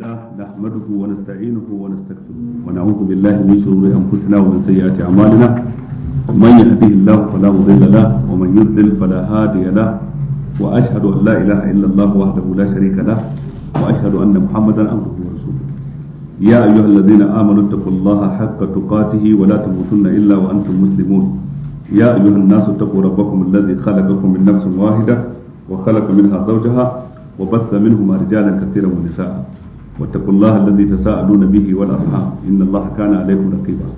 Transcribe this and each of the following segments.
لله نحمده ونستعينه ونستغفره ونعوذ بالله من شرور انفسنا ومن سيئات اعمالنا من يهده الله فلا مضل له ومن يضلل فلا هادي له واشهد ان لا اله الا الله وحده لا شريك له واشهد ان محمدا عبده ورسوله يا ايها الذين امنوا اتقوا الله حق تقاته ولا تموتن الا وانتم مسلمون يا ايها الناس اتقوا ربكم الذي خلقكم من نفس واحده وخلق منها زوجها وبث منهما رجالا كثيرا ونساء واتقوا الله الذي تساءلون به والأرحام إن الله كان عليكم رقيبا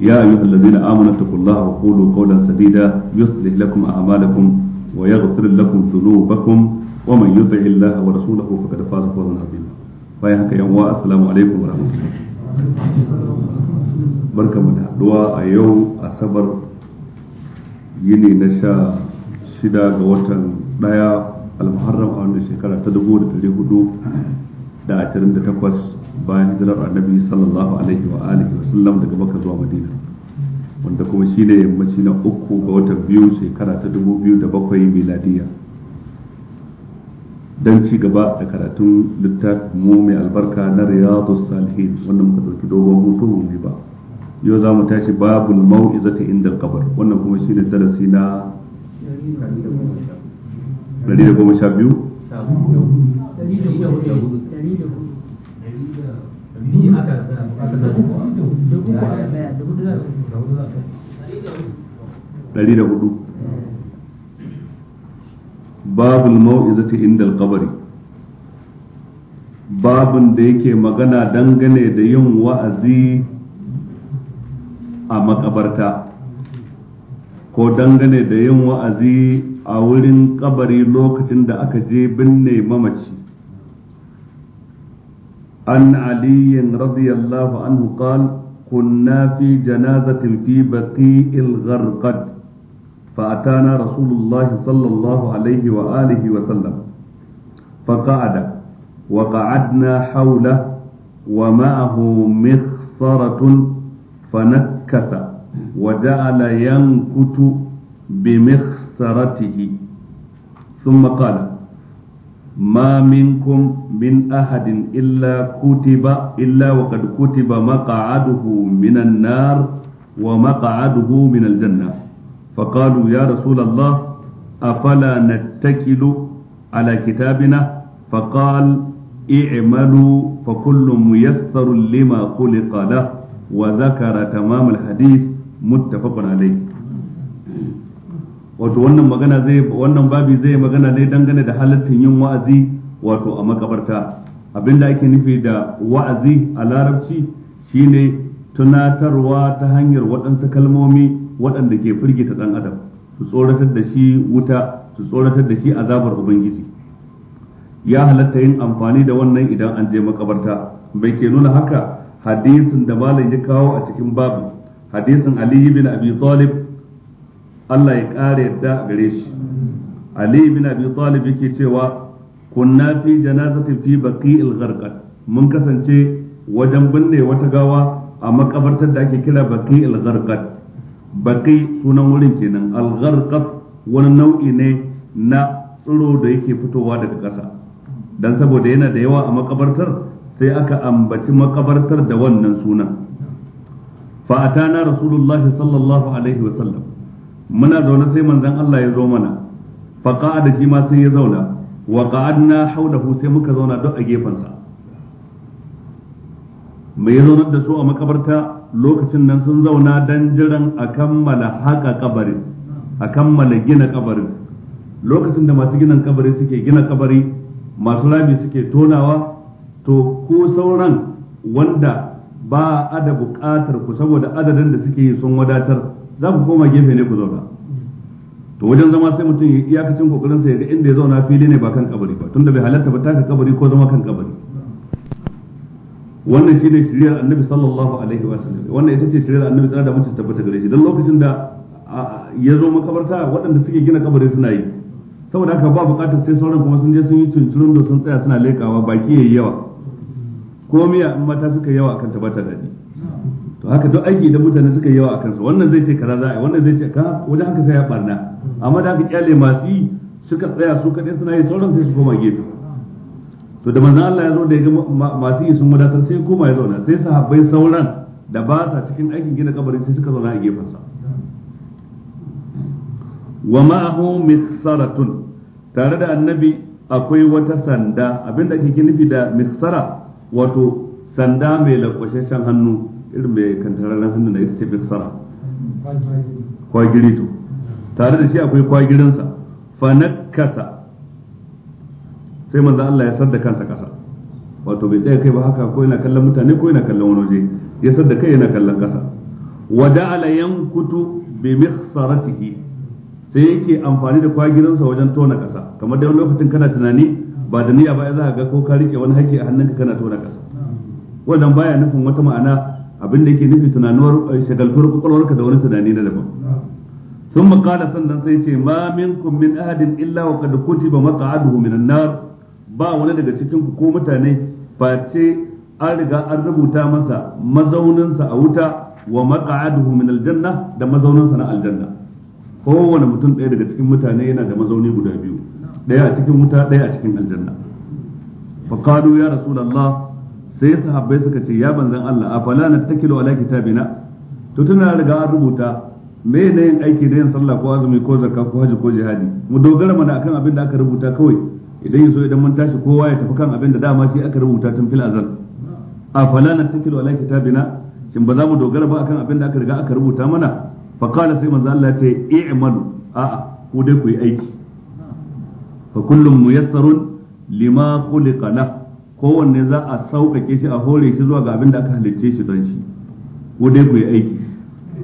يا أيها الذين آمنوا اتقوا الله وقولوا قولا سديدا يصلح لكم أعمالكم ويغفر لكم ذنوبكم ومن يطع الله ورسوله فقد فاز فوزا عظيما bayan haka yan uwa assalamu alaikum wa rahmatullahi barka mu da haduwa a yau asabar yini na sha shida ga watan daya almuharram a wannan shekara ta dubu da dari hudu da ashirin da takwas bayan hijirar annabi sallallahu alaihi wa alihi wa sallam daga maka zuwa madina wanda kuma shi ne yammaci na uku ga watan biyu shekara ta dubu biyu da bakwai miladiya don ci gaba da karatun littafin mu mai albarka na riyadu salihin wannan muka ɗauki dogon hutu mu ba yau za mu tashi babul mau'izata inda kabar wannan kuma shi ne darasi na 112 ɗari da hudu babul mau'izati indal qabri babun da yake magana dangane da yin wa'azi a makabarta ko dangane da yin wa'azi a wurin kabari lokacin da aka je binne mamaci عن علي رضي الله عنه قال كنا في جنازة في بقيء الغرقد فأتانا رسول الله صلى الله عليه وآله وسلم فقعد وقعدنا حوله ومعه مخصرة فنكس وجعل ينكت بمخسرته ثم قال ما منكم من أحد إلا كتب إلا وقد كتب مقعده من النار ومقعده من الجنة فقالوا يا رسول الله أفلا نتكل على كتابنا فقال اعملوا فكل ميسر لما خلق له وذكر تمام الحديث متفق عليه wato wannan magana zai wannan babi zai magana ne dangane da halattun yin wa'azi wato a makabarta abinda ake nufi da wa'azi a larabci shine tunatarwa ta hanyar waɗansu kalmomi waɗanda ke firgita ɗan adam su tsoratar da shi wuta su tsoratar da shi azabar ubangiji ya halatta yin amfani da wannan idan an je makabarta bai ke nuna haka hadisin da malam ya kawo a cikin babu hadisin Aliyu bin abi talib Allah ya ƙara yadda gare shi Ali bin Abi Talib yake cewa kunna fi janazati fi baqi'il gharqad mun kasance wajen binne wata gawa a makabartar da ake kira baqi'il gharqad baqi sunan wurin kenan al gharqad wani nau'i ne na tsiro da yake fitowa daga ƙasa dan saboda yana da yawa a makabartar sai aka ambaci makabartar da wannan sunan fa atana rasulullahi sallallahu alaihi wasallam muna zaune sai manzon Allah ya zo mana fa qa'ada shi ma sai ya zauna wa qa'adna hawlahu sai muka zauna duk a gefansa mai zauna da su a makabarta lokacin nan sun zauna dan jiran a kammala haka kabarin a kammala gina kabarin lokacin da masu ginan kabari suke gina kabari masu rami suke tonawa to ko sauran wanda ba a da buƙatar ku saboda adadin da suke yi sun wadatar za ku koma gefe ne ku zauna to wajen zama sai mutum ya iyakacin kokarin sa ya ga inda ya zauna fili ne ba kan kabari ba tunda bai halatta ba taka kabari ko zama kan kabari wannan shine shiriyar annabi sallallahu alaihi wa sallam wannan ita ce shiriyar annabi tsara da mutum tabbata gare shi dan lokacin da ya zo makabarta waɗanda suke gina kabari suna yi saboda haka ba bukatar sai sauran kuma sun je sun yi tunturun da sun tsaya suna lekawa baki yayi yawa ko miya in mata suka yawa akan tabbata da daɗi to haka duk aiki da mutane suka yi yawa a kansa wannan zai ce kaza za a yi wannan zai ce ka wajen haka sai ya barna amma da haka kyale masu yi suka tsaya su kaɗai suna yi sauran sai su koma gefe to da manzan Allah ya zo da ya ga masu yi sun wadatar sai koma ya zauna sai sahabbai sauran da ba sa cikin aikin gina kabarin sai suka zauna a gefensa wa ma'ahu misaratun tare da annabi akwai wata sanda abinda ake nufi da misara wato sanda mai lakwashashen hannu irin mai kantararren hannun na ita ce biksara kwagiri to tare da shi akwai kwagirinsa fanakasa sai manzo Allah ya sadda kansa kasa wato bai tsaya kai ba haka ko yana kallon mutane ko yana kallon wani waje ya sadda kai yana kallon kasa wada'ala yankutu bi mikhsaratihi sai yake amfani da kwagirinsa wajen tona kasa kamar da wani lokacin kana tunani ba da niyya ba za ka ga ko ka rike wani haki a hannunka kana tona kasa wannan baya nufin wata ma'ana abin da yake nufi tunanuwar eh, shagaltuwar kwakwalwarka da wani tunani na daban sun makala sannan sai ce ma minkum min ahadin illa wa ba kutiba maq'aduhu minan nar ba wani daga cikin ku ko mutane face an riga an rubuta masa mazauninsa a wuta wa maq'aduhu min janna da mazauninsa na aljanna kowane mutum ɗaya daga cikin mutane yana da mazauni guda biyu ɗaya a cikin wuta ɗaya a cikin aljanna fa ya rasulallah sai sahabbai suka ce ya banzan Allah a kilo nattakilu ta bina to tuna riga an rubuta me ne yin aiki da yin sallah ko azumi ko zakka ko haji ko jihadi mu dogara mana akan abin da aka rubuta kawai idan so idan mun tashi kowa ya tafi kan abin da dama shi aka rubuta tun fil azal afala nattakilu ta bina shin ba za mu dogara ba akan abin da aka riga aka rubuta mana fa qala sai manzo Allah ya ce i'malu a'a ku dai ku yi aiki fa kullum muyassarun lima khuliqa lahu kowanne za a sauƙaƙe shi a hore shi zuwa ga abin da aka halicce shi don shi ko dai ku yi aiki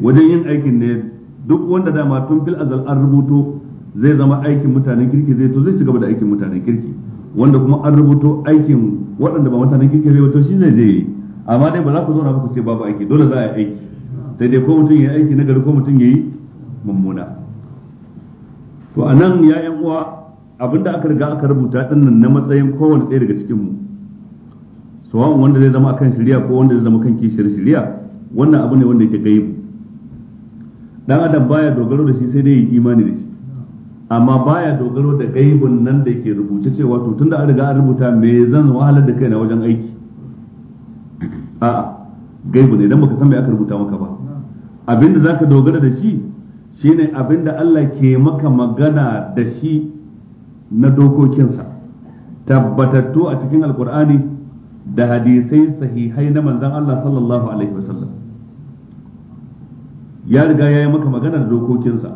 wajen yin aikin ne duk wanda dama tun fil azal an rubuto zai zama aikin mutanen kirki zai to zai ci gaba da aikin mutanen kirki wanda kuma an rubuto aikin waɗanda ba mutanen kirki zai wato shi zai je yi amma dai ba za ku zauna ku ce babu aiki dole za a yi aiki sai dai ko mutum ya yi aiki na gari ko mutum ya yi mummuna to anan ya yan uwa abinda aka riga aka rubuta dinnan na matsayin kowane ɗaya daga cikin mu sawan wanda zai zama akan shari'a ko wanda zai zama kan kishiyar shari'a wannan abu ne wanda yake gaibu dan adam baya dogaro da shi sai dai yi imani da shi amma baya dogaro da gaibun nan da yake rubuce cewa to tunda an riga an rubuta me zan wahalar da kaina wajen aiki a'a gaibu ne idan baka san me aka rubuta maka ba abinda zaka dogara da shi shine abinda Allah ke maka magana da shi na dokokinsa tabbatattu a cikin alkur'ani da hadisai sahihai na manzan Allah sallallahu alaihi wasallam ya riga ya yi maka maganar da dokokinsa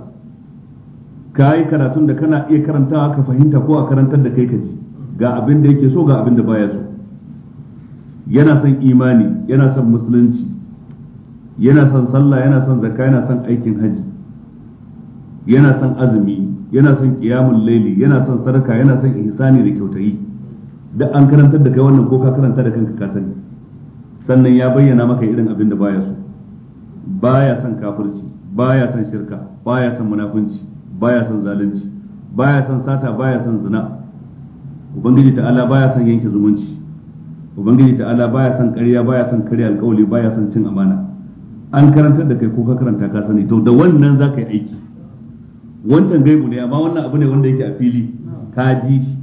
ka yi karatun da kana iya karantawa ka fahimta ko a karantar da kai ka ji ga abin da yake so ga abin da baya so yana son imani yana son musulunci yana son sallah yana son zakka yana son aikin haji yana son azumi yana son ƙiyamun laili yana son sadaka yana son ihsani da kyautayi da an karantar da kai wannan ko ka karanta da kanka ka sani sannan ya bayyana maka irin abin da baya so baya son kafirci baya son shirka baya son munafunci baya son zalunci baya son sata baya son zina ubangiji ta Allah baya son yanke zumunci ubangiji ta Allah baya son ƙarya baya son karya alƙawali baya son cin amana an karantar da kai ko ka karanta ka sani to da wannan za ka yi aiki wancan gaibu ne amma wannan abu ne wanda yake a fili ka ji shi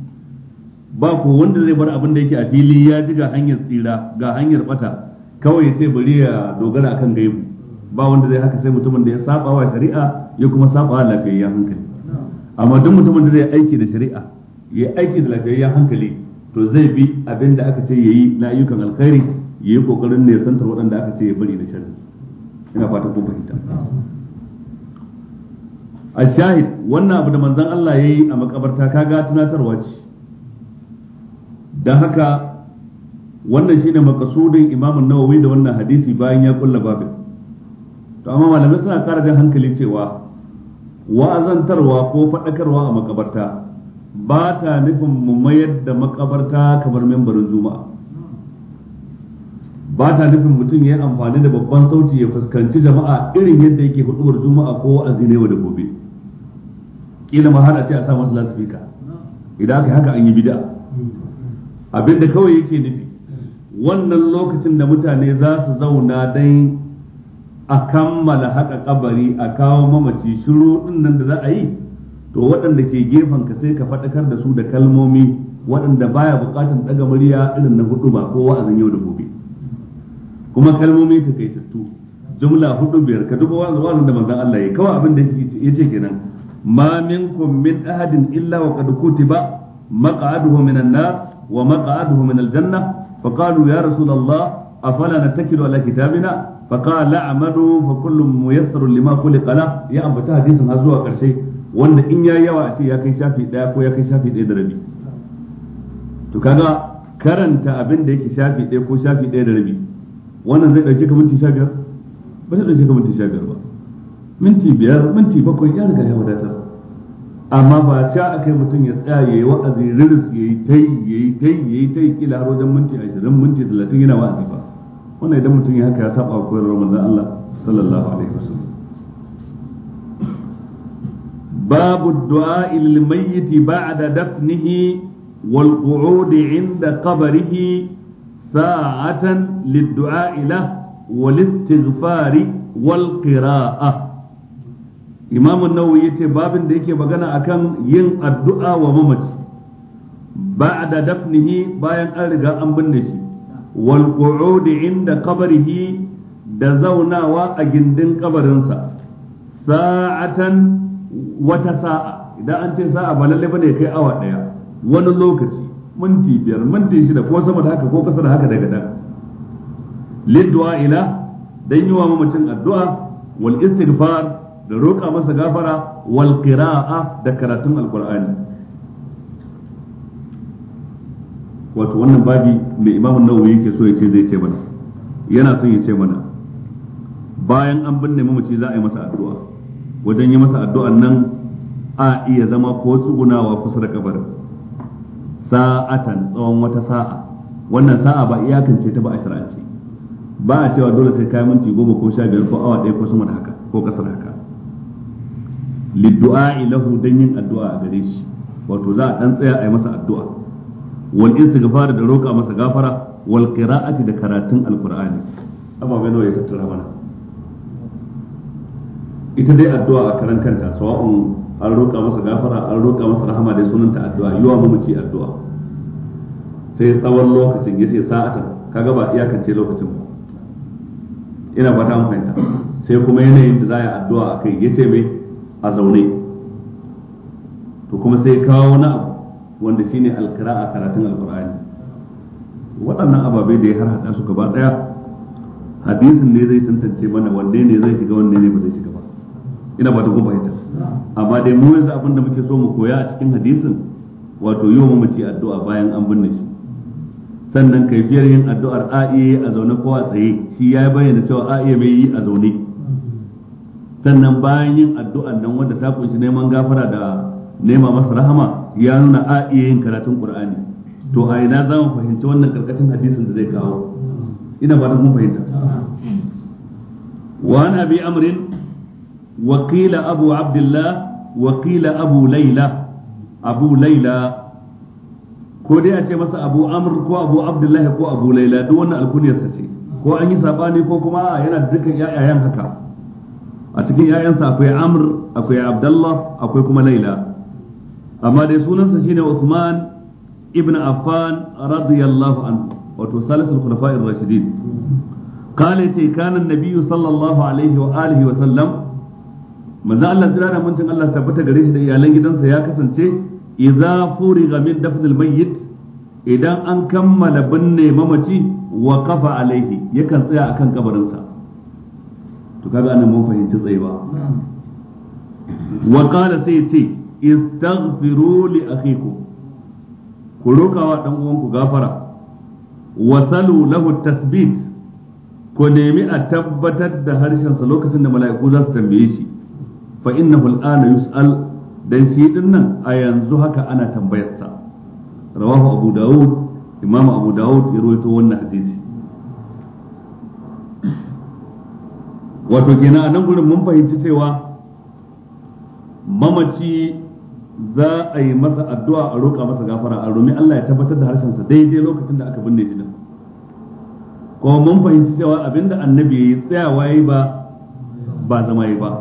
ba ku wanda zai bar abin da yake a fili ya ji ga hanyar tsira ga hanyar bata kawai ya ce bari ya dogara akan gaibu ba wanda zai haka sai mutumin da ya saba wa shari'a ya kuma saba wa lafiyayyen hankali amma duk mutumin da zai aiki da shari'a ya aiki da lafiyayyen hankali to zai bi abin da aka ce ya yi na ayyukan alkhairi ya yi kokarin ne santar waɗanda aka ce ya bari da shari'a. ina fata ko fahimta a shahid wannan abu da manzon Allah ya yi a makabarta kaga tunatarwa ce don haka wannan shine makasudin imamun nawawi da wannan hadisi bayan ya kulla babin to amma malamai suna kara jan hankali cewa wa'azantarwa ko faɗakarwa a makabarta ba ta nufin mu mayar da makabarta kamar membarin juma'a ba ta nufin mutum ya yi amfani da babban sauti ya fuskanci jama'a irin yadda yake hudubar juma'a ko wa'azi ne da gobe kila ma har a ce a sa masu lasifika idan aka haka an yi bid'a abinda kawai yake nufi wannan lokacin da mutane za su zauna dai a kammala haka kabari a kawo mamaci shiru din nan da za a yi to waɗanda ke gefen ka sai ka faɗakar da su da kalmomi waɗanda baya buƙatar ɗaga murya irin na hudu ba ko wa'azin yau da gobe kuma kalmomi ta kai tattu jumla hudu biyar ka duba wa'azin da manzon Allah ya kawai abin da yace kenan ma minkum min ahadin illa wa qad kutiba maq'aduhu minan nar ومقعده من الجنة فقالوا يا رسول الله أفلا نتكل على كتابنا فقال اعملوا فكل ميسر لما خلق له يا أم بتاع حديث هزوا قرشي وأن إن يا يا كي شافي دا كو كي شافي دا دربي to kaga karanta abin da yake shafi ɗaya ko shafi ɗaya da rabi wannan zai ɗauke ka minti sha biyar ba zai ɗauke ka minti sha ba minti biyar minti bakwai ya ya amma ba sha akai mutum ya tsaya yayi wa'azi riris yayi tai yayi tai yayi tai kila har wajen minti 20 minti 30 yana wa'azi ba wannan idan mutum ya haka ya saba koyarwar manzon Allah sallallahu alaihi wasallam باب الدعاء للميت بعد دفنه والقعود عند قبره ساعة للدعاء له والاستغفار والقراءة imamu nawawi yace babin da yake magana akan yin addu'a wa mamaci ba'da dafnihi bayan an riga an binne shi wal qu'ud inda qabrihi da zaunawa a gindin kabarinsa sa'atan wata sa'a idan an ce sa'a ba lalle bane kai awa daya wani lokaci minti biyar minti shida ko sama da haka ko kasa da haka daga dan liddu'a ila dan yi wa mamacin addu'a wal istighfar da roƙa masa gafara wal qira'a da karatun alqur'ani wato wannan babi mai imam nawawi yake so ya ce zai ce mana yana son ya ce mana bayan an binne mamaci za a yi masa addu'a wajen yi masa addu'an nan a iya zama ko tsugunawa kusa da kabarin sa'atan tsawon wata sa'a wannan sa'a ba iyakance ta ba a shar'ance ba a cewa dole sai kai minti goma ko sha biyar ko awa ɗaya ko sama da haka ko kasar haka liddu'a lahu dan yin addu'a a gare shi wato za a dan tsaya a yi masa addu'a wal istighfar da roƙa masa gafara wal qira'ati da karatun alqur'ani bai nawa ya tattara mana ita dai addu'a a karan kanta sawa'un an roƙa masa gafara an roƙa masa rahama dai sunanta addu'a yiwa mamaci addu'a sai tsawon lokacin yace sa'atan kaga ba iyakance lokacin ba ina fata mun fahimta sai kuma yanayin da za a yi addu'a akai yace mai a zaune to kuma sai kawo wani abu wanda shine a karatun alkur'ani waɗannan ababai da ya har haɗa su gaba ɗaya hadisin ne zai tantance mana wanne ne zai shiga wanne ne ba zai shiga ba ina ba ta gumba ita amma dai mu yanzu abin da muke so mu koya a cikin hadisin wato yi wa mace addu'a bayan an binne shi sannan kaifiyar yin addu'ar a iya a zaune ko a tsaye shi ya bayyana cewa a iya mai yi a zaune sannan bayan yin addu'an nan wanda ta kunshi neman gafara da nema masa rahama ya nuna a iya yin karatun qur'ani to a ina za mu fahimci wannan karkashin hadisin da zai kawo ina ba mun fahimta wa an abi amrin wa qila abu abdullah wa qila abu Layla, abu Layla. ko dai a ce masa abu amr ko abu abdullahi ko abu Layla duk wannan alkuniyar ce ko an yi sabani ko kuma yana da dukkan yayayen haka a cikin 'ya'yansa akwai amr akwai abdullah akwai kuma laila amma dai sunansa shine usman ibn affan radiyallahu anhu wato salisul khulafa'ir rashidin kale ce kana nabiyyu sallallahu alaihi wa alihi wa sallam manzo Allah tsira da mutum Allah tabbata gare shi da iyalan gidansa ya kasance idza furiga min dafnil mayyit idan an kammala binne mamaci wa kafa alaihi yakan tsaya akan kabarinsa to kaga anan mun fahimci tsayewa wa qala sai ce istaghfiru li akhikum ku rokawa dan uwanku gafara wa salu lahu tasbit ku nemi a tabbatar da harshen sa lokacin da mala'iku za su tambaye shi fa innahu al'ana yus'al dan shi din nan a yanzu haka ana tambayar sa rawahu abu daud imam abu daud ya rawaito wannan hadisi wato Gina a nan gurin mun fahimci cewa mamaci za a yi masa addu'a a roƙa masa gafara a rumi Allah ya tabbatar da harshensa daidai lokacin da aka binne shi nan kuma mun fahimci cewa abinda annabi ya yi tsayawa yi ba ba zama yi ba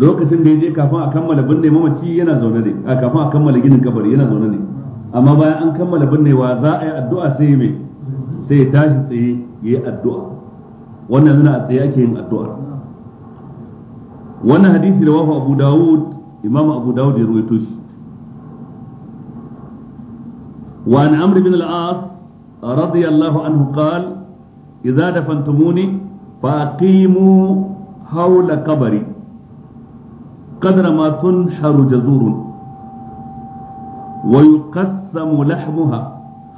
lokacin da ya je kafin a kammala binne mamaci yana zaune ne a kafin a kammala ginin kabari yana zaune ne amma bayan an kammala binnewa za a yi addu'a sai mai sai ya tashi tsaye ya yi addu'a wannan nuna a tsaye ake yin addu'a wannan hadisi da wafa abu dawud imam abu dawud ya ruwaito shi wa an amr bin al-as radiyallahu anhu qal idza dafantumuni fa aqimu hawla qabri qadra ma tunharu jazurun ويقسم لحمها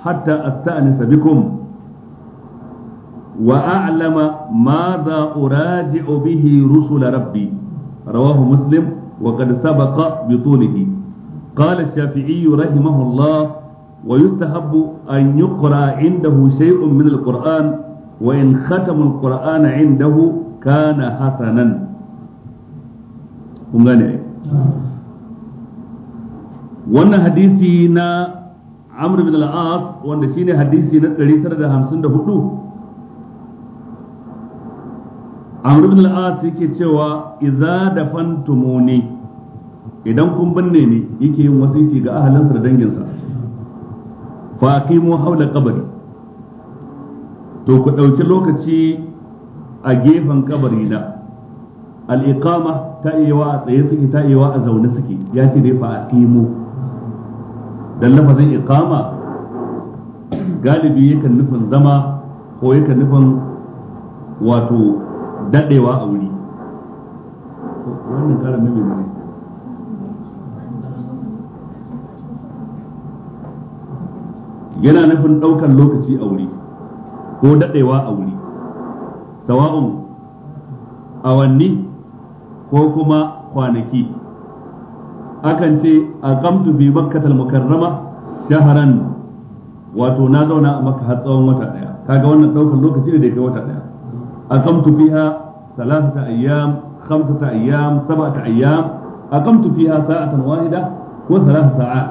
حتى أستأنس بكم وأعلم ماذا أراجع به رسل ربي رواه مسلم وقد سبق بطوله قال الشافعي رحمه الله ويستحب أن يقرأ عنده شيء من القرآن وإن ختم القرآن عنده كان حسنا wannan hadisi na amr bin al-as wanda shine hadisi na 954 amru ibn al-as yake cewa idza dafantumuni idan kun binne ni yake yin wasiki ga sa da danginsa fa aqimu hawla qabri to ku dauki lokaci a gefen kabari na al-iqama ta iyawa a tsaye suke ta iyawa a zaune suke ya ce dai fa aqimu dan lafazin iqama galibi yakan nufin zama ko yakan nufin wato dadewa a wuri wannan karan mai yana nufin ɗaukar lokaci a wuri ko dadewa a wuri sawa'un awanni ko kuma kwanaki akan ce a kamtu bi makkatal mukarrama shaharan wato na zauna a makka har tsawon wata daya kaga wannan daukar lokaci ne da ke wata daya a kamtu fiha ثلاثة أيام خمسة أيام سبعة أيام أقمت فيها ساعة واحدة وثلاث ساعات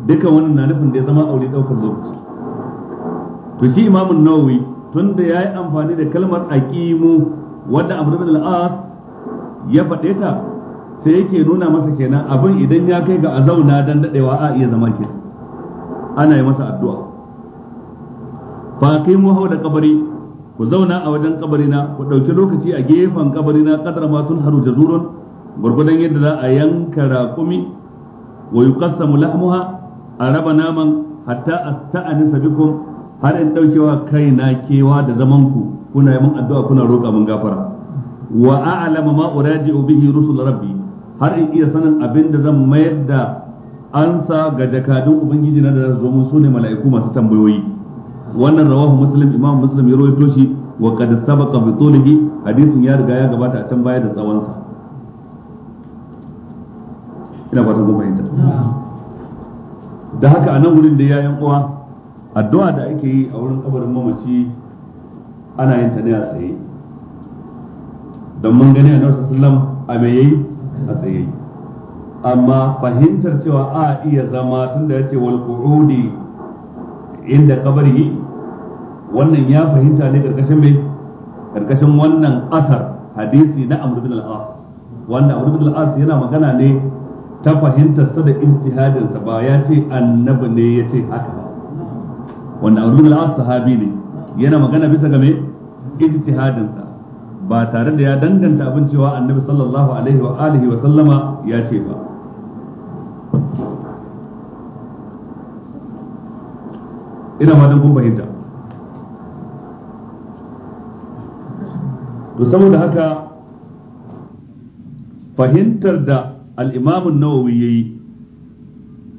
duka wannan na nufin da ya zama aure daukar lokaci to shi imamun nawawi tunda yayi amfani da kalmar aqimu wanda amr bin al-as ya faɗe ta sai yake nuna masa kenan abin idan ya kai ga a zauna dan dadewa a iya zama kenan ana yi masa addu'a fa aqimu hawla qabri ku zauna a wajen kabarina ku ɗauki lokaci a gefen kabarina kadar ma haru da jazurun gurgudan yadda za a yanka raƙumi wa mu lahmuha a raba naman hatta a asta'anisa bikum har in ɗaukewa kai na kewa da zaman ku kuna yi mun addu'a kuna roƙa mun gafara wa a'lama ma uraji'u bihi rusul rabbi har in iya sanin abin da zan mayar da ansa ga jakadun ubangiji na da zo mun sune mala'iku masu tambayoyi wannan rawahu muslim imam muslim ya rawaito shi wa qad sabaqa bi tulihi hadisin ya riga ya gabata a can baya da tsawon sa ina fatan kun fahimta da haka a nan wurin da yayin uwa addu'a da ake yi a wurin kabarin mamaci ana yin ta ne a tsaye don mun gani a nasu sallam a me yayi a tsaye amma fahimtar cewa a iya zama tun da ya ce wal qu'udi inda kabari wannan ya fahimta ne karkashin mai karkashin wannan asar hadisi na Amr bin al-As wanda Amr bin al-As yana magana ne ta fahimtar sa da ijtihadin sa ba ya ce annabi ne ya ce haka ba wanda Amr bin al-As sahabi ne yana magana bisa ga me ijtihadin sa ba tare da ya danganta abin cewa annabi sallallahu alaihi wa alihi wa sallama ya ce ba ina ma dan kun fahimta to saboda haka fahimtar da al'imamun nawawi ya yi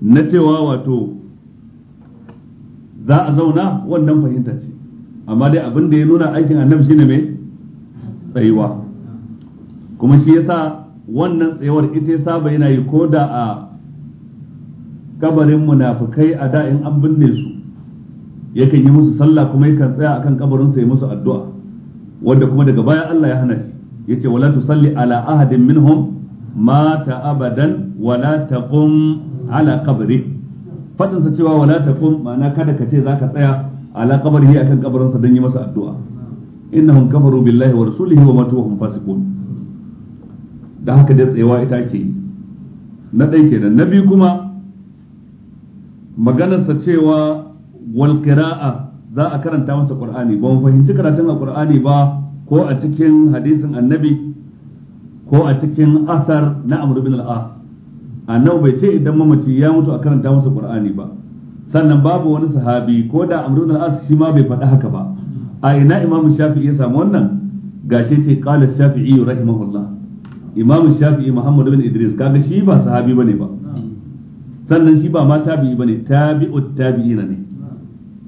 na cewa wato za a zauna wannan fahimta ce amma dai abin da ya nuna aikin shi ne mai tsayuwa kuma shi yasa wannan tsayuwar ita ya saba yana yi ko da a kabarin munafukai a da in an binne su yakan yi musu sallah kuma yakan tsaya akan kabarin sa ya musu addu'a wanda kuma daga baya Allah ya hana shi yace wala tusalli ala ahadin minhum mata abadan wala taqum ala qabri fadin sa cewa wala taqum ma'ana kada ka ce zaka tsaya ala qabrihi akan kabarin sa dan yi masa addu'a innahum kafaru billahi wa rasulihi wa matu hum fasiqun da haka dai tsayawa ita ke na dai kenan na kuma maganar sa cewa wal qira'a za a karanta masa qur'ani ba mu fahimci karatun a ƙur'ani ba ko a cikin hadisin annabi ko a cikin asar na amr bin al annabi bai ce idan mamaci ya mutu a karanta masa qur'ani ba sannan babu wani sahabi ko da amr bin su shi ma bai faɗi haka ba a ina imamu shafi'i ya samu wannan gashi ce qala shafi'i rahimahullah imamu shafi'i muhammad bin idris kaga shi ba sahabi bane ba hmm. sannan shi ba ma tabi'i bane tabi'ut tabi'ina ne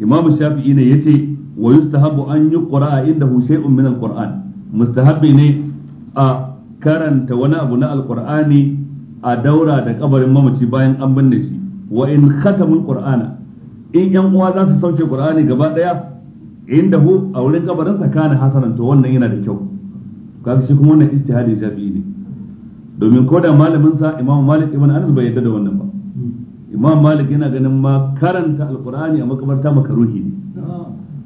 imamu shafi'i ne yace wa yustahabu an inda indahu shay'un min alquran mustahabbi ne a karanta wani abu na alqur'ani a daura da kabarin mamaci bayan an binne shi wa in khatamul qur'ana in yan uwa za su sauke qur'ani gaba daya hu a wurin kabarin sa kana hasanan to wannan yana da kyau kaga shi kuma wannan ijtihadi shafi'i ne domin ko da malamin sa imamu malik ibn anas bai yadda da wannan ba imam malik yana ganin ma karanta alkur'ani a makabarta makaruhi ne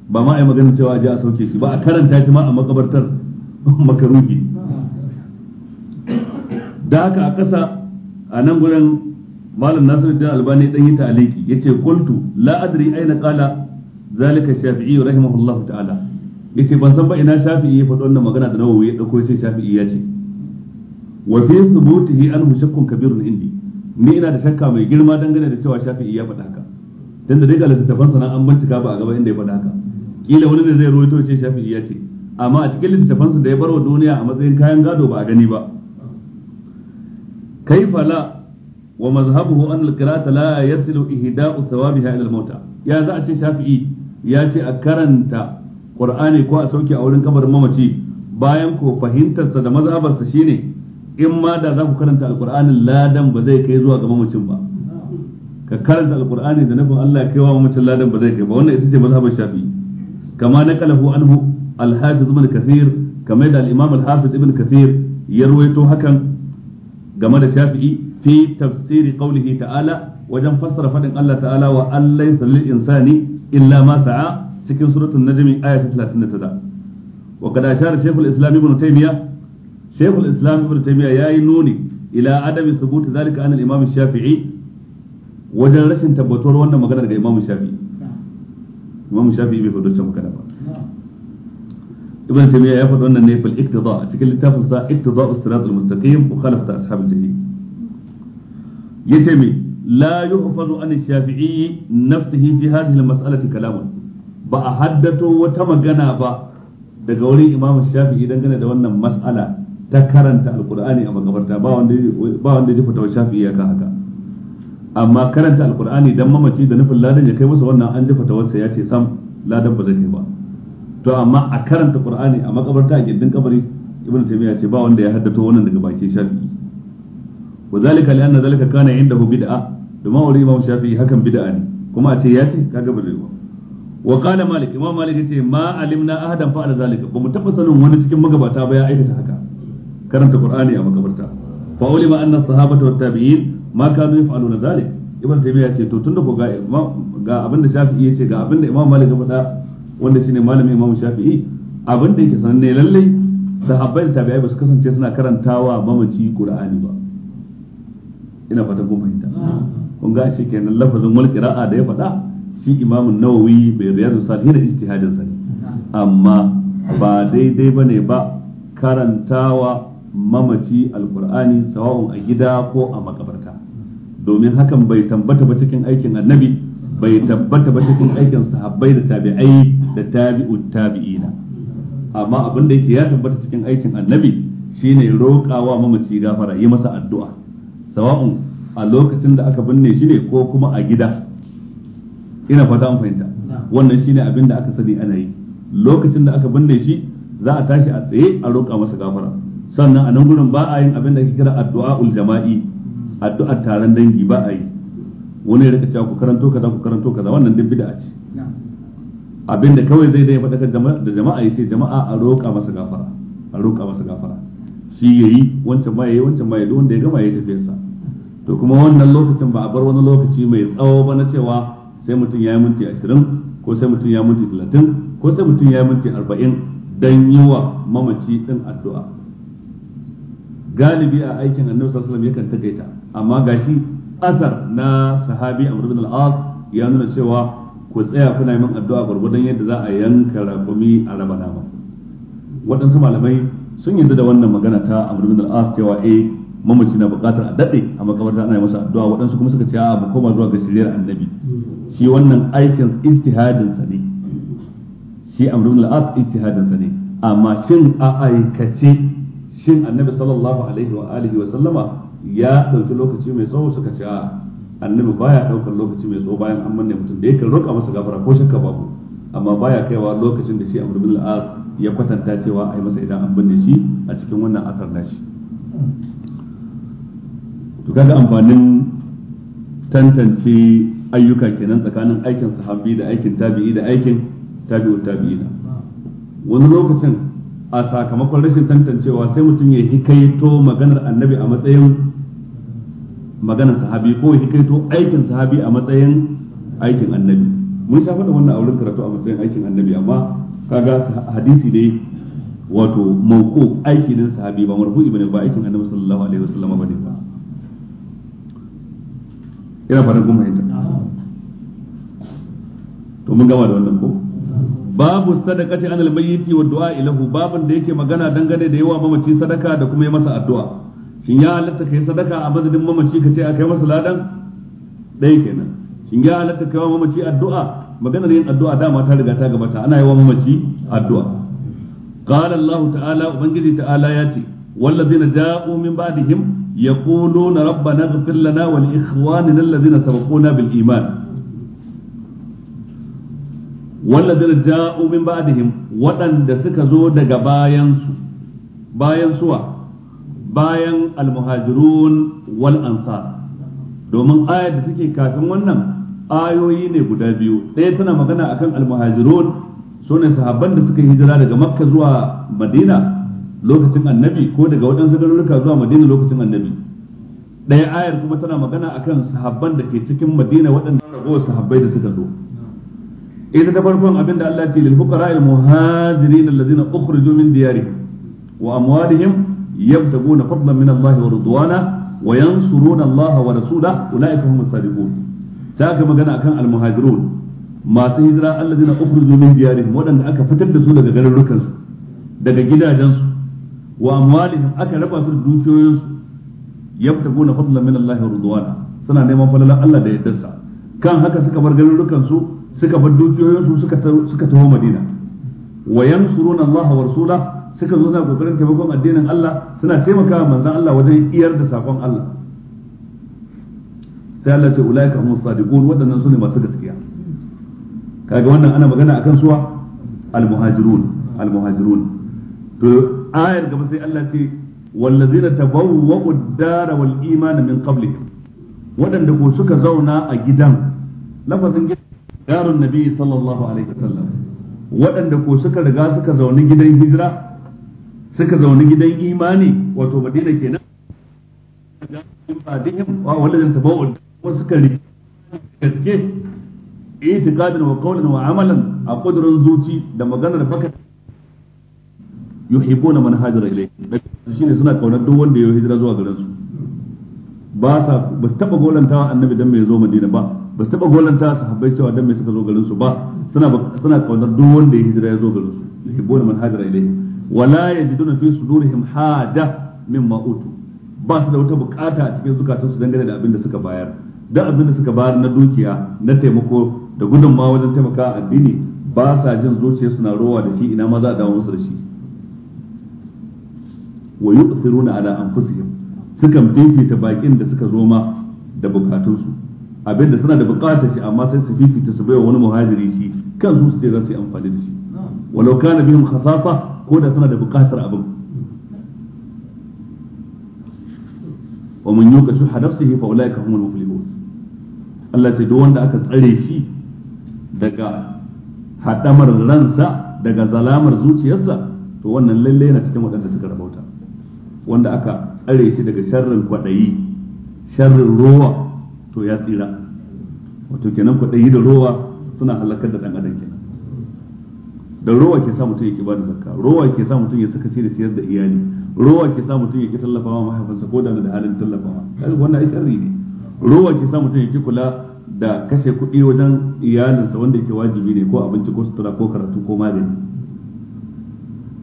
ba ma a yi maganin cewa a ji a sauke shi ba a karanta shi ma a makabartar makaruhi da haka a ƙasa a nan gurin malam nasiruddin albani dan yi ta'aliki yace qultu la adri aina qala zalika shafi'i rahimahullahu ta'ala yace ban san ba ina shafi'i ya faɗi wannan magana da nawawi ya dauko yace shafi'i ya ce wa fi thubutihi an mushakkun kabirun indi ni ina da shakka mai girma dangane da cewa shafi'i ya faɗa haka tunda dai ga littattafan na an bincika ba a gaba inda ya faɗa haka kila wani ne zai ruwaito ce shafi'i ya ce amma a cikin littattafansa da ya barwa duniya a matsayin kayan gado ba a gani ba kai la wa mazhabuhu an al-qira'ata la yasilu ihda'u thawabiha ila al-mauta ya za a ce shafi'i ya ce a karanta qur'ani ko a sauke a wurin kabarin mamaci bayan ko fahimtarsa da sa shine in ma da za ku karanta alkur'ani ladan ba zai kai zuwa ga mamacin ba ka karanta alkur'ani da nufin Allah ya kaiwa mamacin ladan ba zai kai ba wannan ita ce mazhabar shafi kama na kalahu anhu al-hafiz ibn kathir kama da al-imam al-hafiz ibn kathir ya ruwaito hakan game da shafi'i fi tafsiri qawlihi ta'ala wajen fassara fadin Allah ta'ala wa allai sallil insani illa ma sa'a cikin suratul najmi ayat 39 wa kada ashara shaykhul islam ibn taymiyah shaykhul islam ibn taymiya yayi nuni ila adami thubut zalika an al shafi'i wajen rashin tabbatuwar wannan magana daga imam shafi'i imam shafi'i bai faɗo magana ba ibn taymiya ya faɗi wannan ne fil iktida a cikin littafin sa iktida as-sirat al-mustaqim mukhalafat ashab al-jahil yace an shafi'i nafsihi fi hadhihi ba a haddato wata magana ba daga wurin imamin shafi'i dangane da wannan mas'ala ta karanta alkur'ani a makabarta ba wanda ba wanda ya fita shafi iyaka haka amma karanta alkur'ani dan mamaci da nufin ladan ya kai masa wannan an jifa tawarsa ya ce sam ladan ba zai kai ba to amma a karanta qur'ani a makabarta a gindin kabari ibnu taymiya ce ba wanda ya haddato wannan daga baki shafi wa zalika li anna zalika kana indahu bid'a domin wuri imam shafi hakan bid'a ne kuma a ce ya ce kaga ba zai ba wa qala malik imam malik ce ma alimna ahadan fa'ala zalika ba mu taba sanin wani cikin magabata ba ya aikata haka karanta qur'ani a makabarta fa ulima anna sahabata wat tabi'in ma kanu yaf'aluna zalik ibn taymiya ce to tunda ko ga ga abin da shafi'i yace ga abin da imam malik ya faɗa wanda shine malamin imam shafi'i abin da yake sananne lalle sahabbai da tabi'ai ba su kasance suna karantawa mamaci qur'ani ba ina fata ko fahimta kun ga shi kenan lafazin wal qira'a da ya faɗa shi imamun nawawi bai riyadu salihin da ijtihadin sa amma ba daidai bane ba karantawa mamaci alkur'ani sawa'un a gida ko a makabarta domin hakan bai tambata ba cikin aikin annabi bai tabbata ba cikin aikin sahabbai da tabi'ai da tabi'u tabi'ina amma abin da yake ya tabbata cikin aikin annabi shine roƙawa mamaci gafara yi masa addu'a sawa'un a lokacin da aka binne shi ne ko kuma a gida ina fata an fahimta wannan shine abin da aka sani ana yi lokacin da aka binne shi za a tashi a tsaye a roƙa masa gafara sannan a nan gurin ba a yin abin da ake kira addu'a ul jama'i addu'a taron dangi ba a yi wani ya rika cewa ku karanto kaza ku karanto kaza wannan duk bid'a ce abin da kawai zai dai fadakar da jama'a ya ce jama'a a roƙa masa gafara a roƙa masa gafara shi ya yi wancan ma yi wancan ma don wanda ya gama ya tafi sa to kuma wannan lokacin ba a bar wani lokaci mai tsawo ba na cewa sai mutum ya yi minti ashirin ko sai mutum ya yi minti talatin ko sai mutum ya yi minti arba'in don yi wa mamaci ɗin addu'a galibi a aikin annabi sallallahu alaihi wasallam yakan takaita amma gashi asar na sahabi amr ibn al-as ya nuna cewa ku tsaya kuna yin addu'a gurgudan yadda za a yanka rabumi a raba nama waɗansu malamai sun yarda da wannan magana ta amr ibn al-as cewa eh mamaci na buƙatar a daɗe a makabarta ana yi masa addu'a waɗansu kuma suka ce a mu koma zuwa ga shiriyar annabi shi wannan aikin istihadin sa ne shi amr ibn al-as istihadin sa ne amma shin a aikace shin annabi sallallahu alaihi wa alihi wa sallama ya dauki lokaci mai tsawo suka ce annabi baya daukar lokaci mai tsawo bayan an manne mutum da yake roƙa masa gafara ko shakka babu amma baya kaiwa lokacin da shi Amr bin al-As ya kwatanta cewa ai masa idan an binne shi a cikin wannan asar nashi to kaga amfanin tantance ayyuka kenan tsakanin aikin sahabi da aikin tabi'i da aikin tabi'ut tabi'ina wani lokacin a sakamakon rashin tantancewa sai mutum ya hikaito maganar annabi a matsayin maganar sahabi ko ya hikaito aikin sahabi a matsayin aikin annabi mun sha faɗa wannan auren karatu a matsayin aikin annabi amma kaga hadisi ne wato mauko aiki ne sahabi ba marfu ibn ba aikin annabi sallallahu alaihi wasallam bane ba ina fara goma ita to mun gama da wannan ko babu sadaqati anil mayyiti wa du'a ilahu babun da yake magana dangane da yawa mamaci sadaka da kuma yi masa addu'a shin ya halatta kai sadaka a madadin mamaci ka ce a kai masa ladan dai kenan shin ya halatta kai wa mamaci addu'a maganar yin addu'a dama ta riga ta gabata ana yi wa mamaci addu'a qala allah ta'ala ubangiji ta'ala ya ce والذين جاءوا من بعدهم يقولون ربنا اغفر لنا ولإخواننا الذين سبقونا بالإيمان walladina ja'u min ba'dihim waɗanda suka zo daga bayansu bayan suwa bayan almuhajirun wal ansar domin ayar da take kafin wannan ayoyi ne guda biyu ɗaya tana magana akan almuhajirun sune sahabban da suka hijira daga makka zuwa madina lokacin annabi ko daga waɗansu garuruka zuwa madina lokacin annabi ɗaya ayar kuma tana magana akan sahabban da ke cikin madina waɗanda ragowar sahabbai da suka zo ita ta farkon abinda Allah ce lil fuqara al muhajirin alladhina ukhriju min diyarihim wa amwalihim yabtaguna fadlan min Allah wa ridwana wa yansuruna Allah wa rasulahu ulaika humus magana akan al muhajirun masu hijira alladhina min diyarihim wadanda aka fitar da su daga garurukan su daga gidajensu wa amwalihim aka raba su da dukiyoyinsu yabtaguna fadlan min Allah wa ridwana suna neman falalan Allah da yaddarsa kan haka suka bar garurukan su suka bar dukiyoyinsu suka suka taho Madina wa yansuruna Allah wa rasulah suka zo suna kokarin taimakon addinin Allah suna taimakawa manzon Allah wajen iyar da sakon Allah sai Allah ce ulaika humus sadiqun wadannan sune masu gaskiya kaga wannan ana magana akan suwa al-muhajirun al-muhajirun to ayar gaba sai Allah ce wallazina tabawwa'u ad-dara wal imana min qablihim waɗanda ko suka zauna a gidan lafazin gidan darun nabi sallallahu alaihi wasallam waɗanda ko suka riga suka zaune gidan hijira suka zaune gidan imani wato madina kenan ba'dihim wa waladin tabawul wasu suka riga gaske itiqadan wa qawlan wa amalan a kudurin zuci da maganar fakat yuhibbuna man hajara ilayhi shine suna kaunar duk wanda ya hijira zuwa garin su ba sa ba su taba golantawa annabi dan mai zo madina ba ba su taba ta sahabbai cewa dan me suka zo garin su ba suna suna kaunar duk wanda ya hijira ya zo garin su yuhibbuna man hajara ilayhi wala yajiduna fi sudurihim haja mimma utu ba su da wata bukata a cikin zukatunsu dangane da abin da suka bayar da abin da suka bayar na dukiya na taimako da ma wajen taimaka addini ba sa jin zuciya suna rowa da shi ina ma za a dawo musu da shi wa yu'thiruna ala anfusihim sukan fifita bakin da suka zo ma da bukatunsu Abin da suna da bukatar shi amma sai su fifita su baiwa wani muhajiri shi kan su su ce za su yi amfani da shi walau kana bihim khasasa ko da suna da bukatar abin wa mun yuka shuha nafsihi fa ulaika humul muflihun Allah sai duk wanda aka tsare shi daga hadamar ransa daga zalamar zuciyarsa to wannan lalle yana cikin waɗanda suka rabauta wanda aka tsare shi daga sharrin kwaɗayi sharrin rowa to ya tsira wato kenan kwaɗayi da rowa suna halakar da ɗan adam kenan da rowa ke sa mutum ya ki da zakka rowa ke sa mutum ya saka da siyar da iyali rowa ke sa mutum ya ki tallafawa mahaifinsa ko da da halin tallafawa kai wannan ai sharri ne rowa ke sa mutum ya ki kula da kashe kuɗi wajen iyalinsa wanda yake wajibi ne ko abinci ko sutura ko karatu ko magani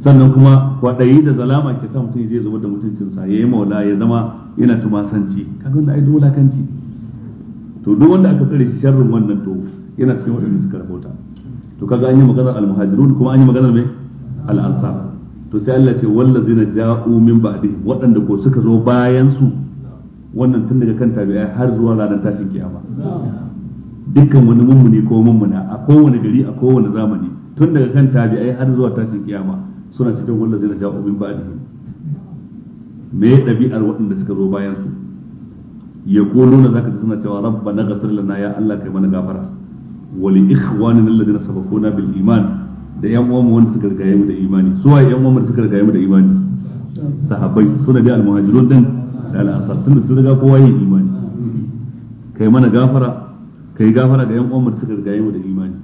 sannan kuma kwaɗayi da zalama ke sa mutum ya je zubar da mutuncinsa ya yi maula ya zama yana tumasanci kaga wannan ai dole kanci to duk wanda aka tsare shi sharrin wannan to yana cikin wadanda suka rahota to kaga an yi maganar al-muhajirun kuma an yi maganar mai al-ansar to sai Allah ce wallazina ja'u min ba'di waɗanda ko suka zo bayan su wannan tun daga kan tabi'ai har zuwa ranar tashin kiyama dukkan wani mummuni ko mummuna a kowane gari a kowane zamani tun daga kan tabi'ai har zuwa tashin kiyama suna cikin wallazina ja'u min ba'di me ɗabi'ar waɗanda suka zo bayan su yaquluna zaka ji suna cewa rabba rabbana ghfir lana ya Allah kai mana gafara wa li ikhwanina alladhina sabaquna bil iman da yan uwan wanda suka rigaye mu da imani su wa yan uwan da suka rigaye mu da imani sahabbai suna da almuhajirun din da al'asar tunda sun riga kowa yin imani kai mana gafara kai gafara ga yan uwan da suka rigaye mu da imani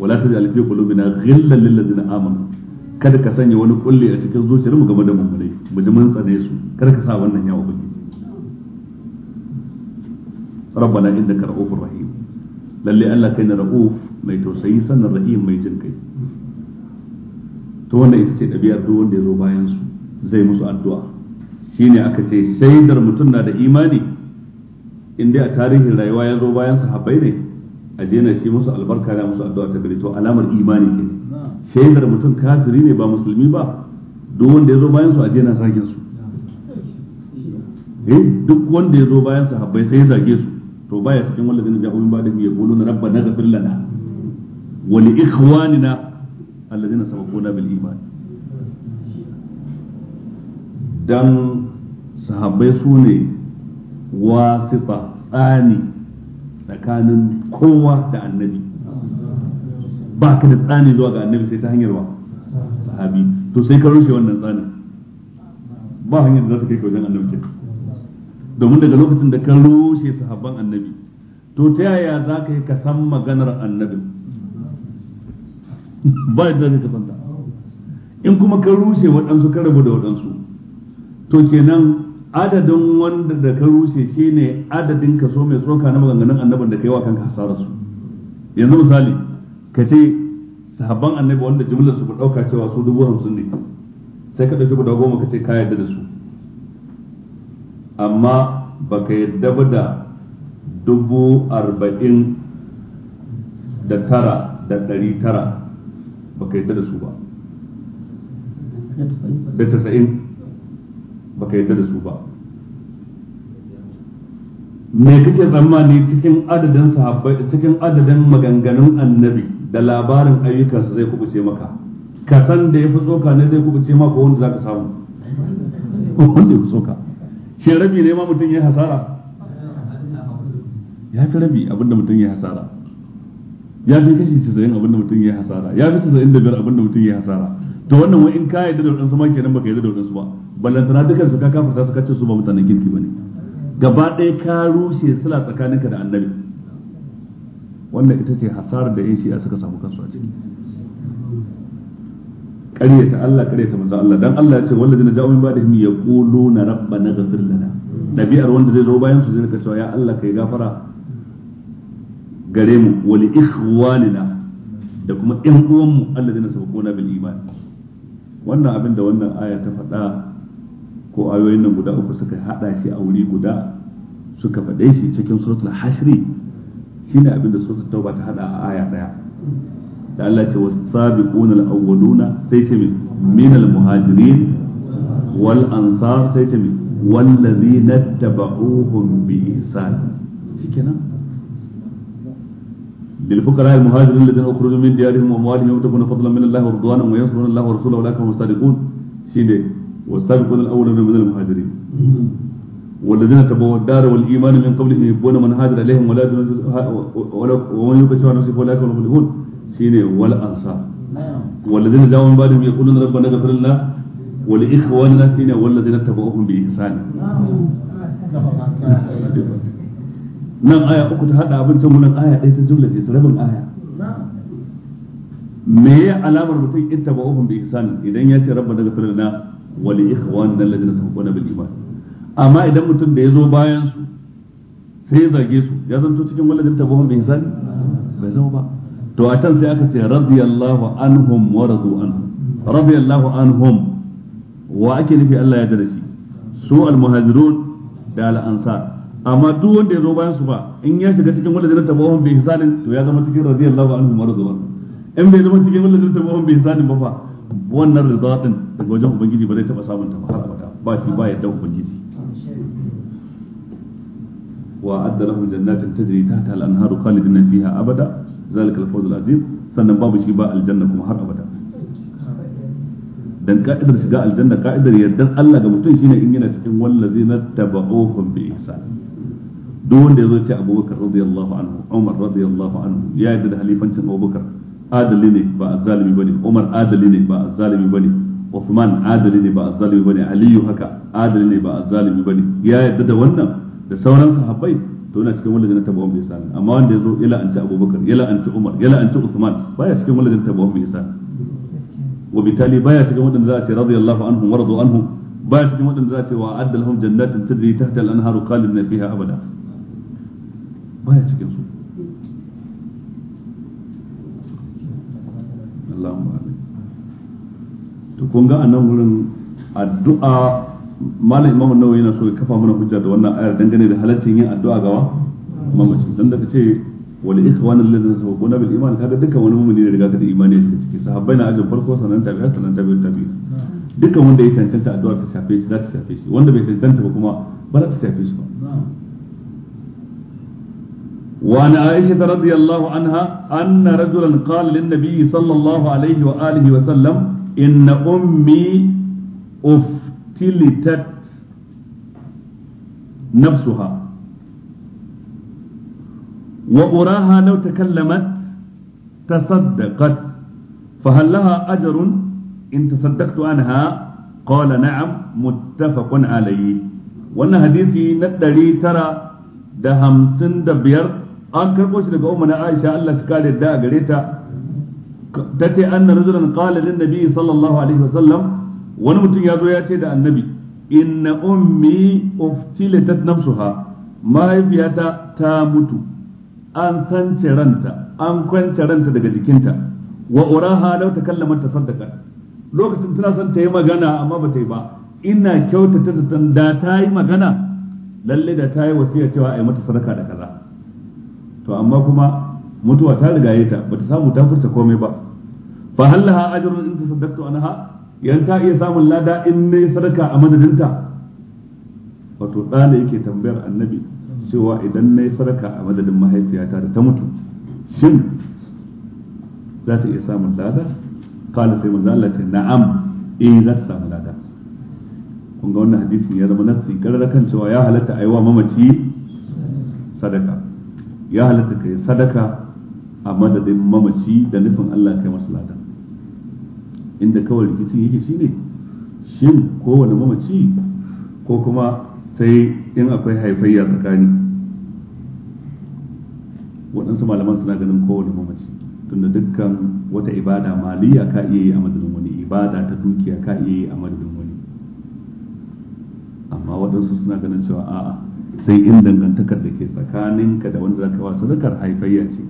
wala taj'al fi qulubina ghillan lil ladzina amanu kada ka sanya wani kulli a cikin zuciyarmu game da mu mu ji mun tsane su kada ka sa wannan yawa bane rabbana ka ra'ufur rahim lalle Allah kai na ra'uf mai tausayi sannan ra'im mai jin kai to wanda ita ce ɗabi'ar duk wanda ya zo bayan su zai musu addu'a Shi ne aka ce shaidar mutum na da imani in dai a tarihin rayuwa ya zo bayan sa sahabbai ne a je na shi musu albarka na musu addu'a ta gari to alamar imani ne shaidar mutum kafiri ne ba musulmi ba duk wanda ya zo bayan su a je na zagin su eh, duk wanda ya zo bayan sa sahabbai sai ya zage su to baya cikin na ja'u min ba'dihim yaquluna rabbana ighfir lana wa li ikhwanina alladina sabaquna bil iman dan sahabbai su ne wasita tsani tsakanin kowa da annabi ba ka da tsani zuwa ga annabi sai ta hanyar wa sahabi to sai ka rushe wannan tsanin ba hanyar da za ta kai ka wajen annabi kenan domin daga lokacin da ka rushe sahabban annabi to ta yaya za ka yi ka san maganar annabin ba yadda za ka san in kuma ka rushe waɗansu ka rabu da waɗansu to kenan adadin wanda da ka rushe shi ne adadin ka so mai tsoka na maganganun annabin da ka yi wa kanka hasararsu. su yanzu misali ka ce sahabban annabi wanda jimlar su ku ɗauka cewa su dubu hamsin ne sai ka ɗauki guda goma ka ce ka yarda da su amma baka yadda ba da dubu arba'in da tara da ɗari tara baka yadda da su ba da tasa'in baka yadda da su ba me kake tsammani cikin adadin sahabbai cikin adadin maganganun annabi da labarin ayyukansa zai kubuce maka ka san da ya fi tsoka ne zai kubuce maka wanda za ka samu wanda ya fi tsoka shi rabi ne ma mutum ya hasara ya fi rabi abinda mutum ya hasara ya fi kashi 90 abinda mutum ya hasara ya fi da biyar abinda mutum ya hasara to wannan wa in ka yi da wadansu ma kenan baka yi da wadansu ba ballantana dukkan su ka kafarta su kace su ba mutanen kirki ne. gaba ɗaya ka rushe sila tsakaninka da annabi wannan ita ce hasarar da yan shi'a suka samu kansu a ciki ƙaryata Allah ƙaryata manzo Allah dan Allah ya ce wallazina ja'u min ba'dihim yaquluna rabbana ighfir lana dabi'ar wanda zai zo bayan su zai rika cewa ya Allah kai gafara gare mu wal ikhwanina da kuma ƴan uwan mu allazina kona bil iman wannan abin da wannan aya ta faɗa ko ayoyin nan guda uku suka haɗa shi a wuri guda suka faɗe shi cikin suratul hashri shine abin da suratul tauba ta haɗa a aya ɗaya. da Allah ce was-sabiquna al-awwaluna sai ce min min al-muhajirin wal ansar sai ce min wallazina tabauhum bi ihsan shikenan للفقراء المهاجرين الذين اخرجوا من ديارهم واموالهم يبتغون فضلا من الله ورضوانا وينصرون الله ورسوله اولئك هم الصادقون شيء والسابقون الاولون من المهاجرين والذين تبوا الدار والايمان من قبلهم يحبون من هاجر اليهم ولا ومن يبشر نفسه فاولئك هم المفلحون shine wal ansar والذين جاءوا من بعدهم يقولون ربنا اغفر لنا ولإخواننا فينا والذين اتبعوهم بإحسان nan aya uku ta hada abin can aya ɗaya ta jumla ce rabin aya me ya alamar mutum in taba uhun bi ihsan idan ya ce rabba daga firna wa li ikhwan nan ladina sabaquna bil iman amma idan mutum da ya zo sai ya zage su ya zanto cikin walladin bai zo ba to a can sai aka ce radiyallahu anhum wa radu anhu radiyallahu anhum wa ake nufi Allah ya da shi su almuhajirun da al'ansar amma duk wanda ya zo bayan su ba in ya shiga cikin wanda zai tabawon bi ihsanin to ya zama cikin radiyallahu anhu wa radu in bai zama cikin wanda zai tabawon bi ihsanin ba fa wannan rida din daga wajen ubangiji ba zai taba samun ta ba har abada ba shi ba yadda ubangiji wa adda lahum jannatin tajri tahta al-anharu khalidina fiha abada zalika al-fawzul azim sannan babu shi ba aljanna kuma har abada dan ka'idar shiga aljanna ka'idar yardan Allah ga mutum shine in yana cikin wallazina tabauhum bi ihsan duk wanda yazo ce Abubakar radiyallahu anhu Umar radiyallahu anhu ya yarda da halifancin Abubakar adali ne ba azzalimi bane Umar adali ne ba azzalimi bane Uthman adali ne ba azzalimi bane Ali haka adali ne ba azzalimi bane ya yarda da wannan da sauran sahabbai to yana cikin wallan jannata bawon bisan amma wanda ya zo ya la'anci abubakar ya la'anci umar ya la'anci usman baya cikin wallan jannata bawon bisan wa bitali baya cikin wadanda za a ce radiyallahu anhum wa radu anhum baya cikin wadanda za a ce wa adda lahum jannatin tajri tahta al-anharu khalidina fiha abada baya cikin su Allahumma amin to kun ga anan wurin addu'a malam imam nawawi yana so ya kafa mana hujja da wannan ayar dangane da halaccin yin addu'a gawa mamaci dan da kace wal ikhwan alladhina sabaquna bil iman kaga dukkan wani mu'mini da riga da imani suka ciki sahabbai na ajin farko sanan tabi'a sanan tabi'a tabi'a dukkan wanda ya cancanta addu'a ta shafe shi za ta shafe shi wanda bai cancanta ba kuma ba za ta shafe shi ba وعن عائشة رضي الله عنها أن رجلا قال للنبي صلى الله عليه وآله وسلم إن أمي أف tilitat nafsuha وأراها لو تكلمت تصدقت فهل لها أجر إن تصدقت عنها قال نعم متفق عليه وأن حديثي ندري ترى da hamsin da biyar an karɓo shi daga umma na Aisha Allah shi kare da a gare ta ta ce anna rajulan qala lin nabi sallallahu alaihi wasallam wani mutum ya zo ya ce da annabi inna ummi uftilatat nafsuha mahaifiyata ta mutu an sance ranta an kwance ranta daga jikinta wa uraha law takallamat tasaddaqa lokacin tana son ta yi magana amma ba ta yi ba ina kyautata tan da ta yi magana lalle da ta yi wasiya cewa a yi mata sadaka da kaza to amma kuma mutuwa ta rigaye ta bata samu ta furta komai ba fa hallaha ajrun in tasaddaqtu anha yan ta iya samun lada in ne sadaka a madadinta wato ɗa yake tambayar annabi cewa idan na yi sadaka a madadin mahaifiyata da ta mutu shin za ta iya samun lada kala sai manzo Allah ce na'am eh za ta samu lada kun ga wannan hadisin ya zama nassi karara kan cewa ya halatta a yi wa mamaci sadaka ya halatta ka yi sadaka a madadin mamaci da nufin Allah kai masa lada inda kawai rikicin yake ne, shin kowane mamaci ko kuma sai in akwai haifayya tsakani waɗansu malaman suna ganin kowane mamaci tunda dukkan wata ibada maliya ka iya yi a madadin wani ibada ta dukiya ka iya yi a madadin wani amma waɗansu suna ganin cewa a'a sai in dangantakar da ke tsakaninka da wanda zaka wa sadakar haifayya ce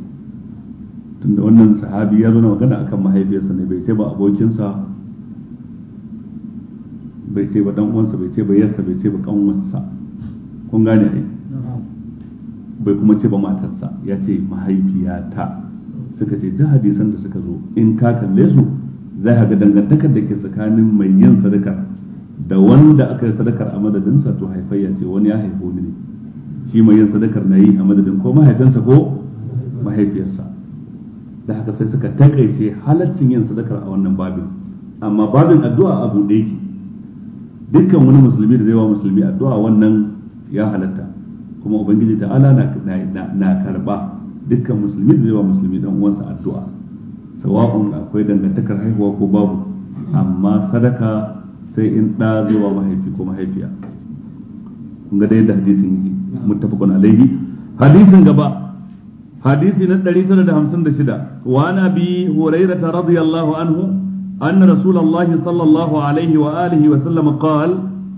tunda wannan sahabi ya zo magana akan mahaifiyarsa ne bai ce ba abokinsa bai ce ba dan uwansa bai ce ba yarsa bai ce ba kanwarsa kun gane ai bai kuma ce ba matarsa ya ce mahaifiyata suka ce duk hadisan da suka zo in ka kalle su za ka ga dangantakar da ke tsakanin mai yin sadaka da wanda aka yi sadakar a madadinsa to haifayya ce wani ya haifo ni ne shi mai yin sadakar na yi a madadin ko mahaifinsa ko mahaifiyarsa da haka sai suka takaice halaccin yin sadakar a wannan babin amma babin addu'a abu da yake dukkan wani musulmi da zai wa musulmi addu'a wannan ya halatta kuma ubangiji ta'ala na na karba dukkan musulmi da zai wa musulmi dan uwansa addu'a sawa'un akwai dangantakar haihuwa ko babu amma sadaka sai in ɗa zai wa mahaifi ko mahaifiya kun ga da hadisin yi muttafaqun alaihi hadisin gaba حديث ندري سنة همسن دشدا وعن أبي هريرة رضي الله عنه أن رسول الله صلى الله عليه وآله وسلم قال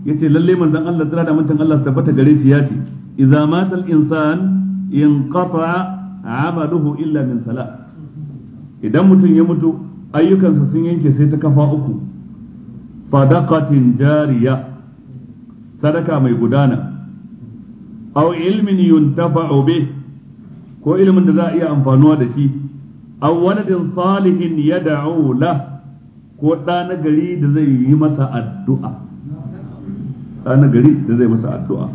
يتي للي من ذن الله ترى من ذن الله ثبت قريس ياتي إذا مات الإنسان انقطع عمله إلا من ثلاث إذا مت يمت أيك سنين كسيت كفاؤك صدقة جارية صدقة ميقدانا أو علم ينتفع به ko ilimin da za a iya amfanuwa da shi aw waladin salihin ya da'ula ko ɗa na gari da zai yi masa addu'a ɗa na gari da zai masa addu'a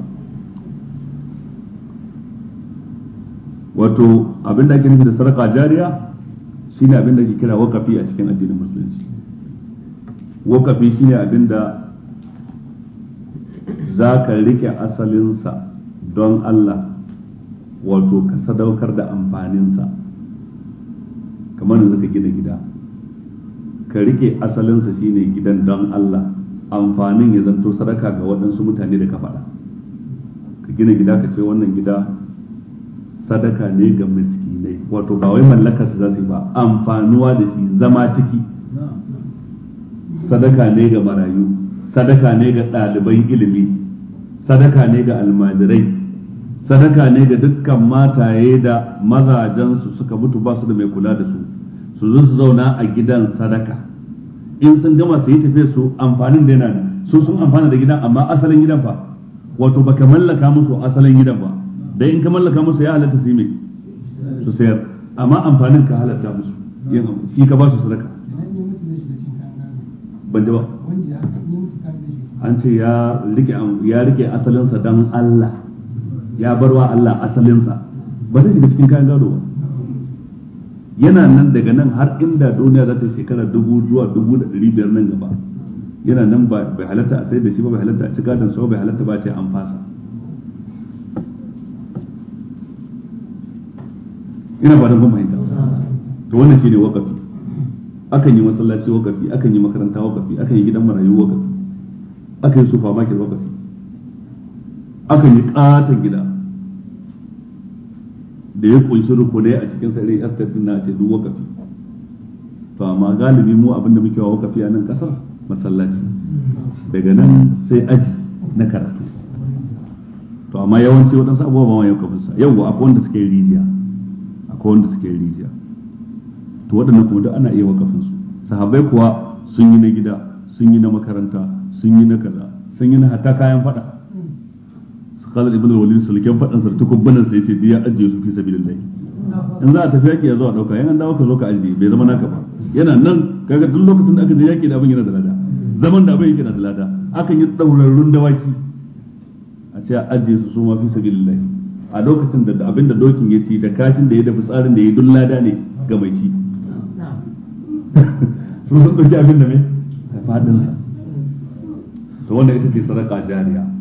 wato abin da ake nufi da sarƙa jariya shine abin da ke kira wakafi a cikin addinin musulunci wakafi shine abin da za ka rike asalinsa don Allah wato ka sadaukar da amfaninsa kamar yanzu ka gina gida ka rike asalinsa shine gidan don Allah amfanin ya zanto sadaka ga waɗansu mutane da ka faɗa ka gina gida ka ce wannan gida sadaka ne ga miskinai wato ba wai mallakar su za su ba amfanuwa da shi zama ciki sadaka ne ga marayu sadaka ne ga ɗaliban ilimi sadaka ne ga almajirai sadaka ne ga dukkan mataye da mazajensu suka mutu ba su da mai kula da su su zo su zauna a gidan sadaka in sun gama su yi tafiya su amfanin da yana su sun amfana da gidan amma asalin gidan fa wato ba ka mallaka musu asalin gidan ba da in ka mallaka musu ya halatta su yi mai su sayar amma amfanin ka halatta musu shi ka ba su sadaka ban ji ba an ce ya rike asalinsa dan Allah ya barwa Allah asalinsa ba zai shiga cikin kayan gado ba yana nan daga nan har inda duniya za ta shekara dubu zuwa dubu da ɗari biyar nan gaba yana nan ba bai halatta a sai da shi ba bai halatta a ci gadon sa bai halatta ba a ce an fasa ina ba da ban fahimta to wannan shine wakafi akan yi masallaci wakafi akan yi makaranta wakafi akan yi gidan marayu wakafi akan yi supermarket wakafi akan yi katon gida da ya kunshi rukunai a cikin sarin estate din na ce duk wakafi to amma galibi mu abinda muke wa wakafi a nan kasar masallaci daga nan sai aji na karatu to amma yawanci waɗansu abubuwa ba ma yau kafin sa yau akwai wanda suke rijiya akwai wanda suke rijiya to waɗannan kuma duk ana iya wakafin su sahabbai kuwa sun yi na gida sun yi na makaranta sun yi na kaza sun yi na hatta kayan fada qala ibn al-walid sulken fadan sa takubbanan sa yace ya ajiye su fi sabilillah in za a tafi yaki ya zo a dauka yan dawo ka zo ka ajiye bai zama naka ba yana nan kaga duk lokacin da aka je yaki da abin yana da lada zaman da abin yake na da lada akan yi daurarrun dawaki a ce a ajiye su su ma fi sabilillah a lokacin da abin da dokin ya ci da kashin da ya dafi tsarin da ya dun lada ne ga mai ci sun sun dauki abin da mai fadin to wanda ita ce saraka jariya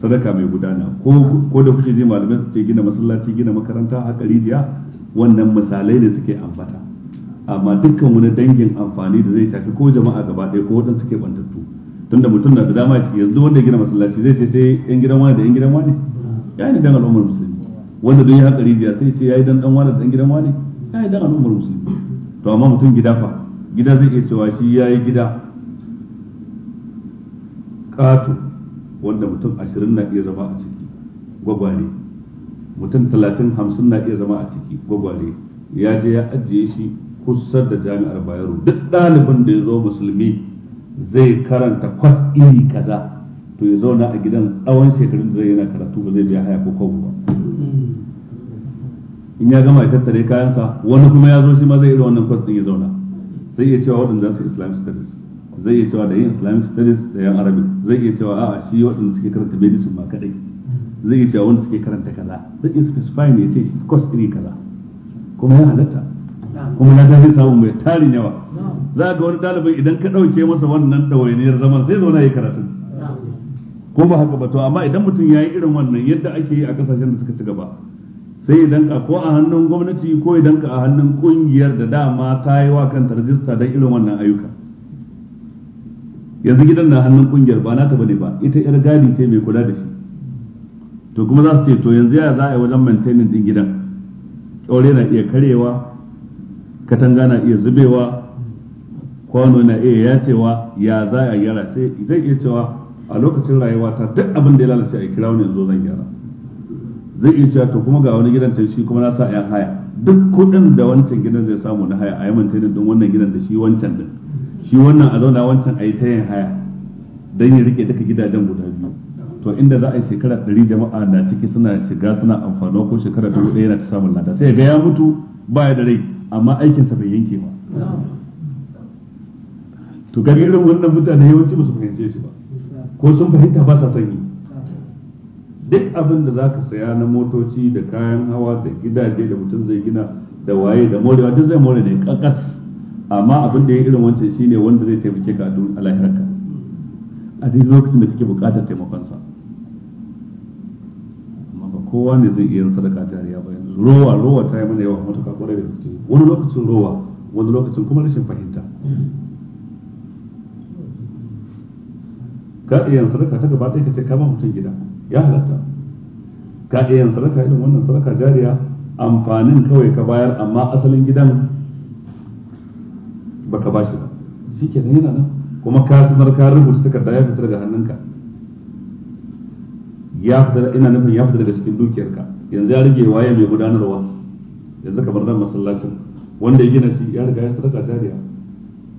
sadaka mai gudana ko da kuke ji malamai su ce gina masallaci gina makaranta haka rijiya wannan misalai ne suke ambata amma dukkan wani dangin amfani da zai shafi ko jama'a gaba ɗaya ko waɗansu ke bantattu tunda mutum na da dama shi yanzu wanda ya gina masallaci zai ce sai yan gidan wani da yan gidan wani ya yi dan al'ummar musulmi wanda duk ya haka rijiya sai ce ya yi dan dan wani da yan gidan wani ya yi dan al'ummar musulmi to amma mutum gida fa gida zai iya cewa shi ya yi gida ƙato wanda mutum ashirin na iya zama a ciki gwagware mutum talatin hamsin na iya zama a ciki gwagware ya je ya ajiye shi kusa da jami'ar bayero duk ɗalibin da ya zo musulmi zai karanta kwas iri kaza to ya zauna a gidan tsawon shekarun zai yana karatu ba zai biya haya ko kawo ba in ya gama ya tattare kayansa wani kuma ya zo shi ma zai iri wannan kwas ɗin ya zauna sai iya cewa waɗanda su islamic studies zai iya cewa da yin islamic studies da yan arabic zai iya cewa a shi waɗanda suke karanta medicine ba kaɗai zai iya cewa wanda suke karanta kaza zai iya specify ne ya ce shi course iri kaza kuma ya halatta kuma na zai samu mai tarin yawa za ga wani ɗalibin idan ka ɗauke masa wannan ɗawainiyar zaman sai zauna ya karatu ko ba haka ba to amma idan mutum ya yi irin wannan yadda ake yi a kasashen da suka ci gaba sai idan ka ko a hannun gwamnati ko idan ka a hannun kungiyar da dama ta yi wa kanta rajista don irin wannan ayyukan. yanzu gidan na hannun kungiyar ba nata bane ba ita yar gadi ce mai kula da shi to kuma za su ce to yanzu ya za a yi wajen maintaining din gidan kyaure na iya karewa katanga na iya zubewa kwano na iya yacewa ya za a gyara sai zai iya cewa a lokacin rayuwa ta duk abin da ya lalace a kira wani yanzu zan gyara zai iya cewa to kuma ga wani gidan ta shi kuma na sa yan haya duk kuɗin da wancan gidan zai samu na haya a yi maintaining din wannan gidan da shi wancan din shi wannan a zauna wancan a yi ta yin haya don ya rike duka gidajen guda biyu to inda za a yi shekara ɗari jama'a na ciki suna shiga suna amfanuwa ko shekara dubu ɗaya yana ta samun lada sai ga ya mutu ba ya da rai amma aikinsa bai yanke ba to ga irin wannan mutane yawanci ba su fahimce shi ba ko sun fahimta ba sa sanyi duk abin da zaka saya na motoci da kayan hawa da gidaje da mutum zai gina da waye da morewa duk zai more ne kakas amma abin da ya irin wancan shine wanda zai taimake ka a lahirarka a duk lokacin da kake bukatar taimakonsa amma ba kowa ne zai iya sadaka jariya ba yanzu rowa rowa ta yi mana yawa matuƙa kwarai da gaske wani lokacin rowa wani lokacin kuma rashin fahimta ka iya yin sadaka ta gaba ɗaya ka ce kama mutum gida ya halatta ka iya yin sadaka irin wannan sadaka jariya amfanin kawai ka bayar amma asalin gidan baka bashi ba shikenan yana nan kuma ka sanar ka rubuta takarda ya fitar daga hannunka ya fitar ina nufin ya fitar daga cikin dukiyarka yanzu ya rage waye mai gudanarwa yanzu kamar nan masallacin wanda ya gina shi ya riga ya sadaka jariya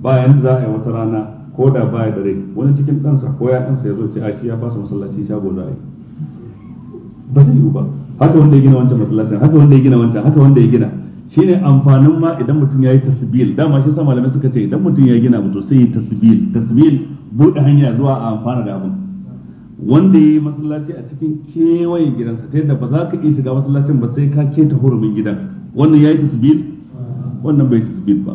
ba yanzu za a yi wata rana ko da ba ya dare wani cikin ɗansa ko ya ɗansa ya zo ce a shi ya fasa masallaci shago za a yi ba zai yiwu ba haka wanda ya gina wancan masallacin haka wanda ya gina wancan haka wanda ya gina shine amfanin ma idan mutum ya yi tasbil dama shi sa malamai suka ce idan mutum ya gina mutum sai yi tasbil tasbil buɗe hanya zuwa a amfana da abin wanda ya yi masallaci a cikin kewayen gidansa ta yadda ba za ka iya shiga masallacin ba sai ka keta hurumin gidan wannan ya yi tasbil wannan bai tasbil ba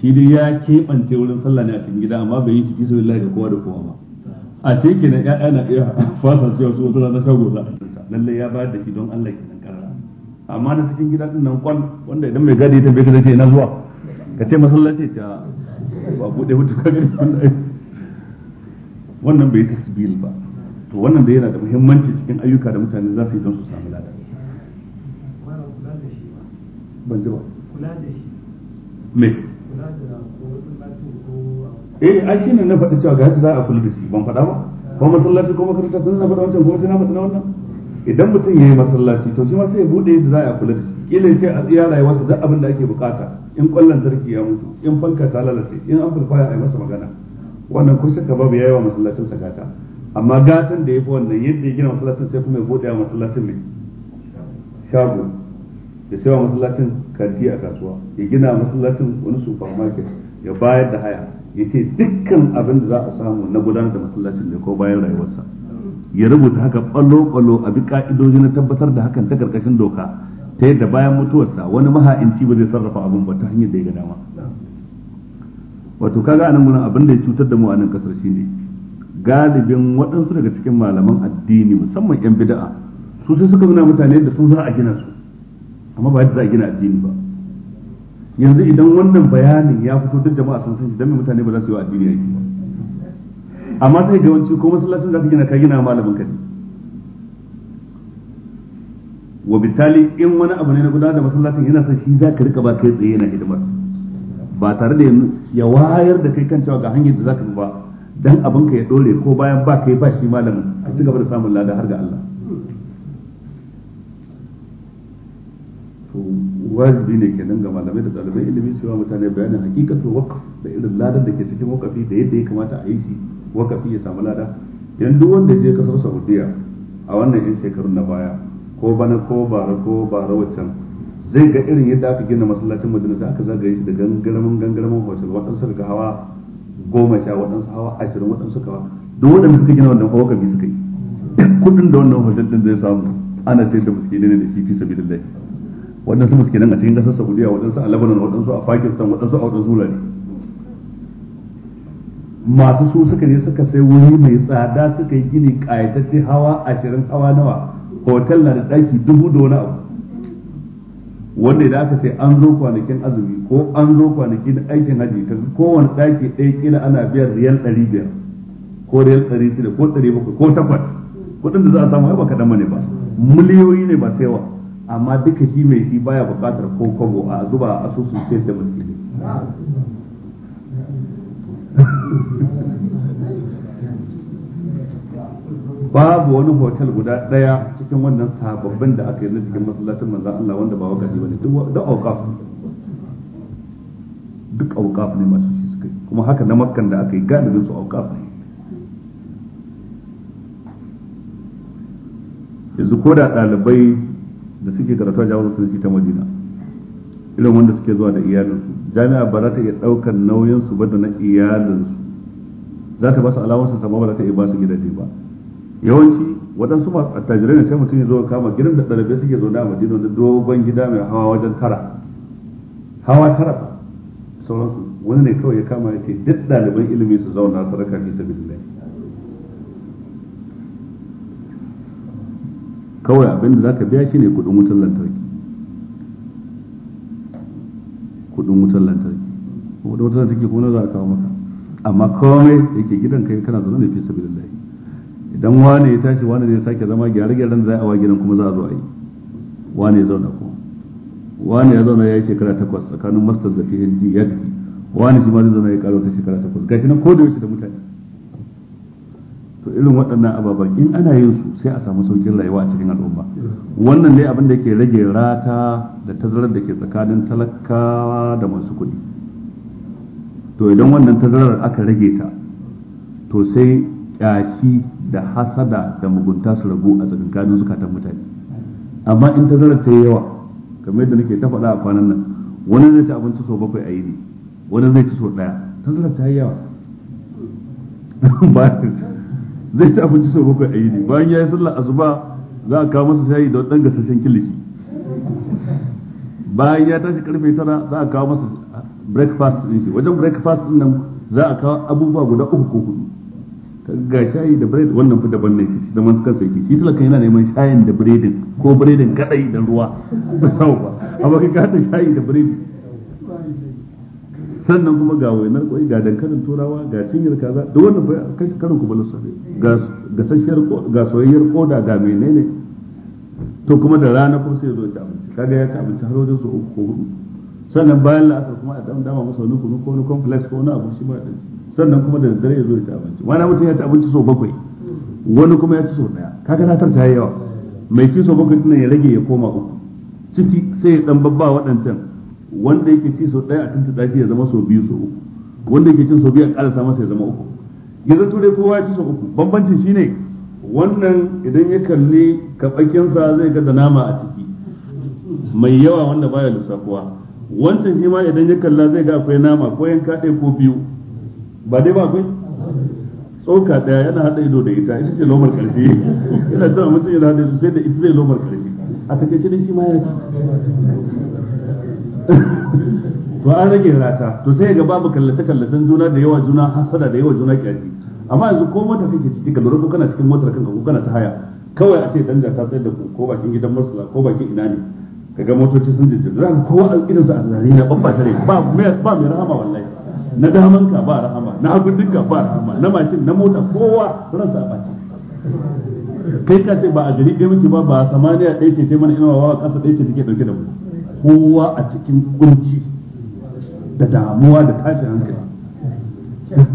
shi dai ya keɓance wurin sallah ne a cikin gida amma bai yi shi fi ga kowa da kowa ba a ce kenan ya'ya na iya fasa cewa su wata rana shago a lallai ya bayar da shi don Allah kenan amma na cikin gida din nan kwan wanda idan mai gadi ta bai kaza ce na zuwa ka ce masallaci ta ba bude hutu ka wannan bai tasbil ba to wannan da yana da muhimmanci cikin ayyuka da mutane za su yi don su samu lada ban ji ba kula da shi me kula da ko eh ai shine na faɗi cewa ga yadda za a kula da shi ban faɗa ba ko masallaci ko makaranta sun na faɗa wancan ko sai na faɗi na wannan idan mutum ya yi masallaci to shi ma sai ya bude yadda za a kula da shi kila sai a tsira rayuwarsa duk abin da ake bukata in kwallon tarki ya mutu in fanka ta lalace in amplifier a yi masa magana wannan ko shakka babu yi wa masallacin sa gata amma gatan da ya fi wannan yadda ya gina masallacin sai kuma ya bude wa masallacin mai shago ya sai wa masallacin kanti a kasuwa ya gina masallacin wani supermarket ya bayar da haya ya ce dukkan abin da za a samu na gudanar da masallacin ne ko bayan rayuwarsa ya rubuta haka ɓallo-ɓallo a bi ƙa'idoji na tabbatar da hakan ta ƙarƙashin doka ta yadda bayan mutuwarsa wani maha'inci ba zai sarrafa abin ba ta hanyar da ya ga dama wato kaga anan gurin abin da ya cutar da mu a nan shi shine galibin waɗansu daga cikin malaman addini musamman yan bida'a su sai suka nuna mutane da sun za a gina su amma ba yadda za a gina addini ba yanzu idan wannan bayanin ya fito duk jama'a sun san shi dan mutane ba za su yi wa addini aiki ba amma sai ga wanci ko masallacin da aka gina ka gina malamin ka ne wa bitali in wani abu ne na gudanar da masallacin yana son shi za ka rika ba kai tsaye yana hidimar ba tare da ya wayar da kai kan cewa ga hanyar da za ka ba dan abin ka ya dore ko bayan ba kai ba shi malamin a ci gaba da samun lada har ga Allah wajibi ne kenan ga malamai da dalibai ilimi cewa mutane bayanin hakikatu waqf da irin ladar da ke cikin waqafi da yadda ya kamata a yi shi wakafi ya samu lada idan duk wanda je kasar saudiya a wannan yan shekarun na baya ko bana ko bara ko bara waccan zai ga irin yadda aka gina masallacin madina sai aka zagaye shi da gangaramin gangaramin hotel waɗansu daga hawa goma sha waɗansu hawa ashirin waɗansu kawa duk waɗanda suka gina wannan kabi suka yi kuɗin da wannan hotel ɗin zai samu ana ce da miskinai ne da shi fi sabilillah waɗansu miskinan a cikin ƙasar saudiya waɗansu a lebanon waɗansu a pakistan waɗansu a waɗansu wurare masu su suka je suka sai wuri mai tsada suka yi gini kayatacce hawa ashirin hawa nawa hotel na da ɗaki dubu da wani abu wanda idan aka ce an zo kwanakin azumi ko an zo kwanakin aikin haji ka kowane ɗaki ɗaya kila ana biyan riyal ɗari biyar ko riyal ɗari shida ko ɗari bakwai ko takwas kuɗin da za a samu ba kaɗan ne ba miliyoyi ne ba sai yawa amma duka shi mai shi baya buƙatar ko kwabo a zuba a asusun sayar da mutum babu wani hotel guda daya cikin wannan sababbin da aka yi na cikin masallacin maza Allah wanda ba wakafi bane duk auqaf duk auqaf ne masu shi suka kuma haka na makkan da aka yi galibin su auqaf ne yanzu ko da dalibai da suke karatu a jami'ar sun ta madina irin wanda suke zuwa da iyalinsu jami'a ba za ta iya ɗaukar nauyin su ba da na iyalinsu za ta ba su alawarsa sama ba za ta iya ba su gidaje ba yawanci waɗansu masu attajirai ne sai mutum ya zo kama gidan da ɗalibai suke zaune a madina da dogon gida mai hawa wajen tara hawa tara ba sauransu wani ne kawai ya kama ya ce duk ɗaliban ilimi su zauna su raka fi sabilillah kawai abinda za ka biya shi ne kuɗin wutar lantarki kudin wutar lantarki kuma da wutar lantarki kuma za a kawo maka amma komai yake gidan kai kana zaune ne fi sabilillahi idan wane ya tashi wane zai sake zama gyare gyaran za a wa gidan kuma za a zo a yi wane ya zauna kuma wane ya zauna ya yi shekara takwas tsakanin masters da phd ya tafi wani shi ma zai zauna ya karo ta shekara takwas gashi nan ko da yaushe da mutane to irin waɗannan ababen in ana yin su sai a samu saukin rayuwa a cikin al'umma wannan dai abin da ke rage rata da tazarar da ke tsakanin talakawa da masu kuɗi to idan wannan tazarar aka rage ta to sai ƙyashi da hasada da mugunta su ragu a tsakanin zukatan mutane amma in tazarar ta yi yawa kamar yadda nake ta faɗa a kwanan nan wani zai ci abinci sau bakwai a yini wani zai ci sau ɗaya tazarar ta yi yawa zai ci abinci sau bakwai a yini bayan ya yi sallar asuba za a kawo masa shayi da ɗan gasashen kilishi bayan ya tashi karfe tara za a kawo masa breakfast din shi wajen breakfast din nan za a kawo abubuwa guda uku ko hudu ga shayi da bread wannan fi daban ne shi da man kansa yake shi talaka yana neman shayin da bread ko bread kadai da ruwa ba sau ba amma kai ka hada shayi da bread sannan kuma ga wainar kwai ga dankalin turawa ga cinyar kaza da wannan bai kashi karin ku balu sabe ga gasasshiyar ga soyayyar koda ga menene to kuma da rana kuma sai zo ci abinci kaga ya ci abinci har wajen su uku ko hudu sannan bayan la'asar kuma a dan dama masa wani kunu ko wani complex ko wani abu shi ma dan sannan kuma da dare ya zo ya ci abinci wani mutum ya ci abinci sau bakwai wani kuma ya ci sau daya kaga latar ta yawa mai ci sau bakwai tunan ya rage ya koma uku ciki sai ya dan babba waɗancan wanda yake ci sau ɗaya a tuntuɗa shi ya zama sau biyu sau uku wanda yake cin sau biyu a ƙarasa masa ya zama uku zato dai kowa ya ci sau uku bambancin ne. wannan idan ya kalli kaɓakinsa zai ga da nama a ciki mai yawa wanda baya lissafuwa wancan shi ma idan ya kalla zai ga akwai nama ko yanka ɗaya ko biyu ba dai ba akwai tsoka ɗaya yana haɗa ido da ita ita ce lomar ƙarshe yana cewa mutum yana haɗa ido sai da ita zai lomar ƙarshe a takaice dai shi ma ya ci to an rage rata to sai ga babu kallace kallacen juna da yawa juna hasada da yawa juna kyashi amma yanzu ko mota kake ciki ka lura ko kana cikin motar kanka ko kana ta haya kawai a ce danja ta tsayar da ku ko bakin gidan masala ko bakin ina ne kaga motoci sun jinjin za ka kowa irinsa a zari na babba tare ba ba mai rahama wallahi na daman ka ba rahama na hagun dinka ba rahama na mashin na mota kowa ransa a baci kai ka ce ba a gari ɗaya muke ba ba samaniya ɗaya ce ta mana ina wa ƙasa ɗaya ce take ɗauke da mu kowa a cikin kunci da damuwa da tashin hankali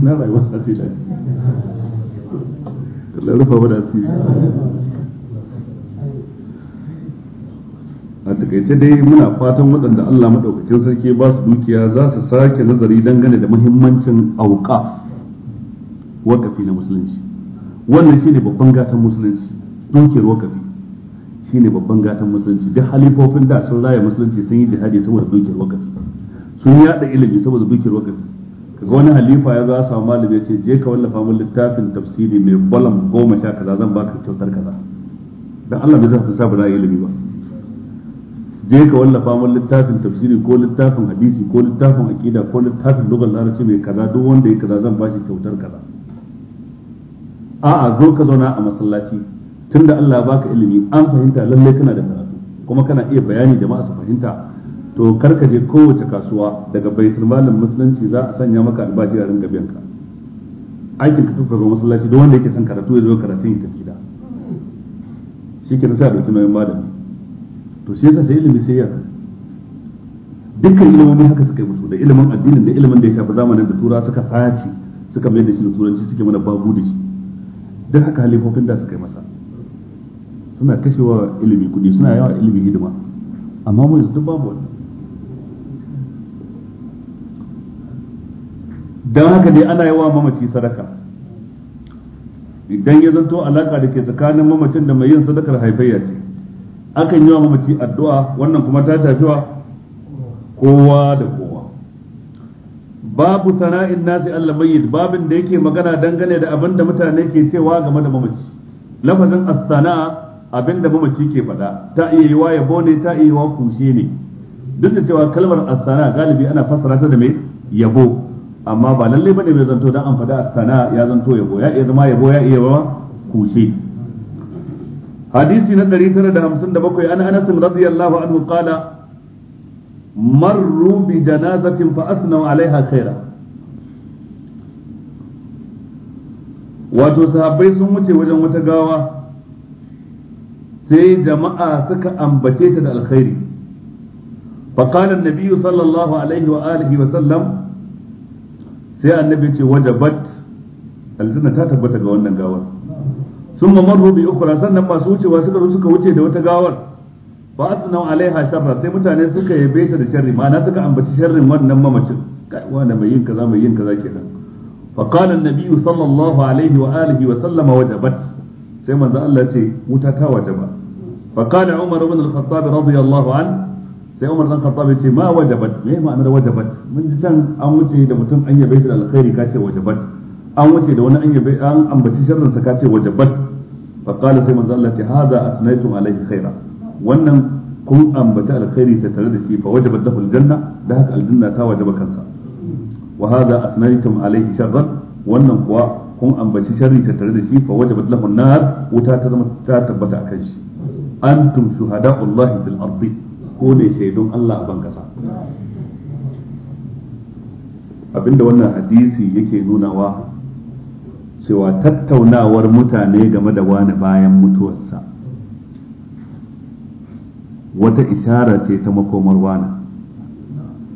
na rayuwar sace da Allah rufa ba da asiri a takaice dai muna fatan waɗanda Allah maɗaukakin sarki ba su dukiya za su sake nazari dangane da muhimmancin auka wakafi na musulunci wannan shi ne babban gatan musulunci dukiyar wakafi shine babban gatan musulunci duk halifofin da sun raya musulunci sun yi jihadi saboda dukiyar wakafi sun yada ilimi saboda dukiyar wakafi kaga wani halifa ya za samu malami ya ce je ka wallafa mun littafin tafsiri mai bolam goma sha kaza zan baka kyautar kaza dan Allah bai za ka saba raya ilimi ba je ka wallafa mun littafin tafsiri ko littafin hadisi ko littafin aqida ko littafin lugal larabci mai kaza duk wanda ya kaza zan bashi kyautar kaza a'a zo ka zauna a masallaci tunda Allah baka ilimi an fahimta lallai kana da karatu kuma kana iya bayani jama'a su fahimta to karka je kowace kasuwa daga baitul malam musulunci za a sanya maka albashi a ringa biyan ka aikin ka tuka ga masallaci don wanda yake son karatu ya zo karatun ya tafi da shikenan nasa da dauki nauyin malami to shi yasa sai ilimi sai ya dukkan ilimin haka suka yi musu da ilimin addinin da ilimin da ya shafi zamanin da tura suka sace suka mai da shi da turanci suke mana babu da shi duk haka halifofin da suka yi masa suna kashewa ilimi kuɗi suna yawa ilimi hidima amma mu yanzu duk babu wani don haka dai ana yawa mamaci sadaka idan ya zanto alaka da ke tsakanin mamacin da mai yin sadakar haifayya ce akan yi wa mamaci addu'a wannan kuma ta shafi wa kowa da kowa babu sana'in nasi Allah mayyit babin da yake magana dangane da abin da mutane ke cewa game da mamaci lafazin as-sana'a abinda mamaci ke faɗa ta iya wa yabo ne ta iya yi wa kushe ne duk da cewa kalmar asana galibi ana fassara ta da mai yabo amma ba lalle bane mai zanto dan an faɗa asana ya zanto yabo ya iya zama yabo ya iya yawa kushe hadisi na 957 an Anas radiyallahu anhu qala marru bi janazatin fa asnau alaiha khaira wato sahabbai sun wuce wajen wata gawa sai jama'a suka ambace ta da alkhairi فقال النبي صلى الله عليه وآله وسلم sai annabi ce wajabat aljanna ta tabbata ga wannan gawar sun ma marhu bi ukhra sannan masu wucewa suka wuce da wata gawar fa asnau alaiha sharra sai mutane suka yabe ta da sharri ma'ana suka ambaci sharrin wannan mamacin kai wanda mai yin kaza mai yin kaza kenan fa qala an-nabi sallallahu alaihi wa alihi wa sallama sai Allah ce wuta ta ba. فقال عمر بن الخطاب رضي الله عنه sai Umar dan Khattab ce ma wajabat me ma'anar wajabat mun ji can an wuce da mutum an yabe shi da alkhairi kace wajabat an wuce da wani an yabe an ambaci sharrin sa kace wajabat fa qala sai manzo Allah ce hada atnaytum alayhi khaira wannan kun ambaci alkhairi ta tare da shi fa wajabat lahu janna da haka aljanna ta wajaba kansa wa hada atnaytum alayhi sharran wannan kuwa kun ambaci sharri ta tare da shi fa wajabat lahu an-nar wuta ta zama ta tabbata akan shi antum shuhada'ullahi bil ardi ko ne shaidun Allah a ban kasa abinda wannan hadisi yake nunawa cewa tattaunawar mutane game da wani bayan mutuwarsa wata isara ce ta makomar wani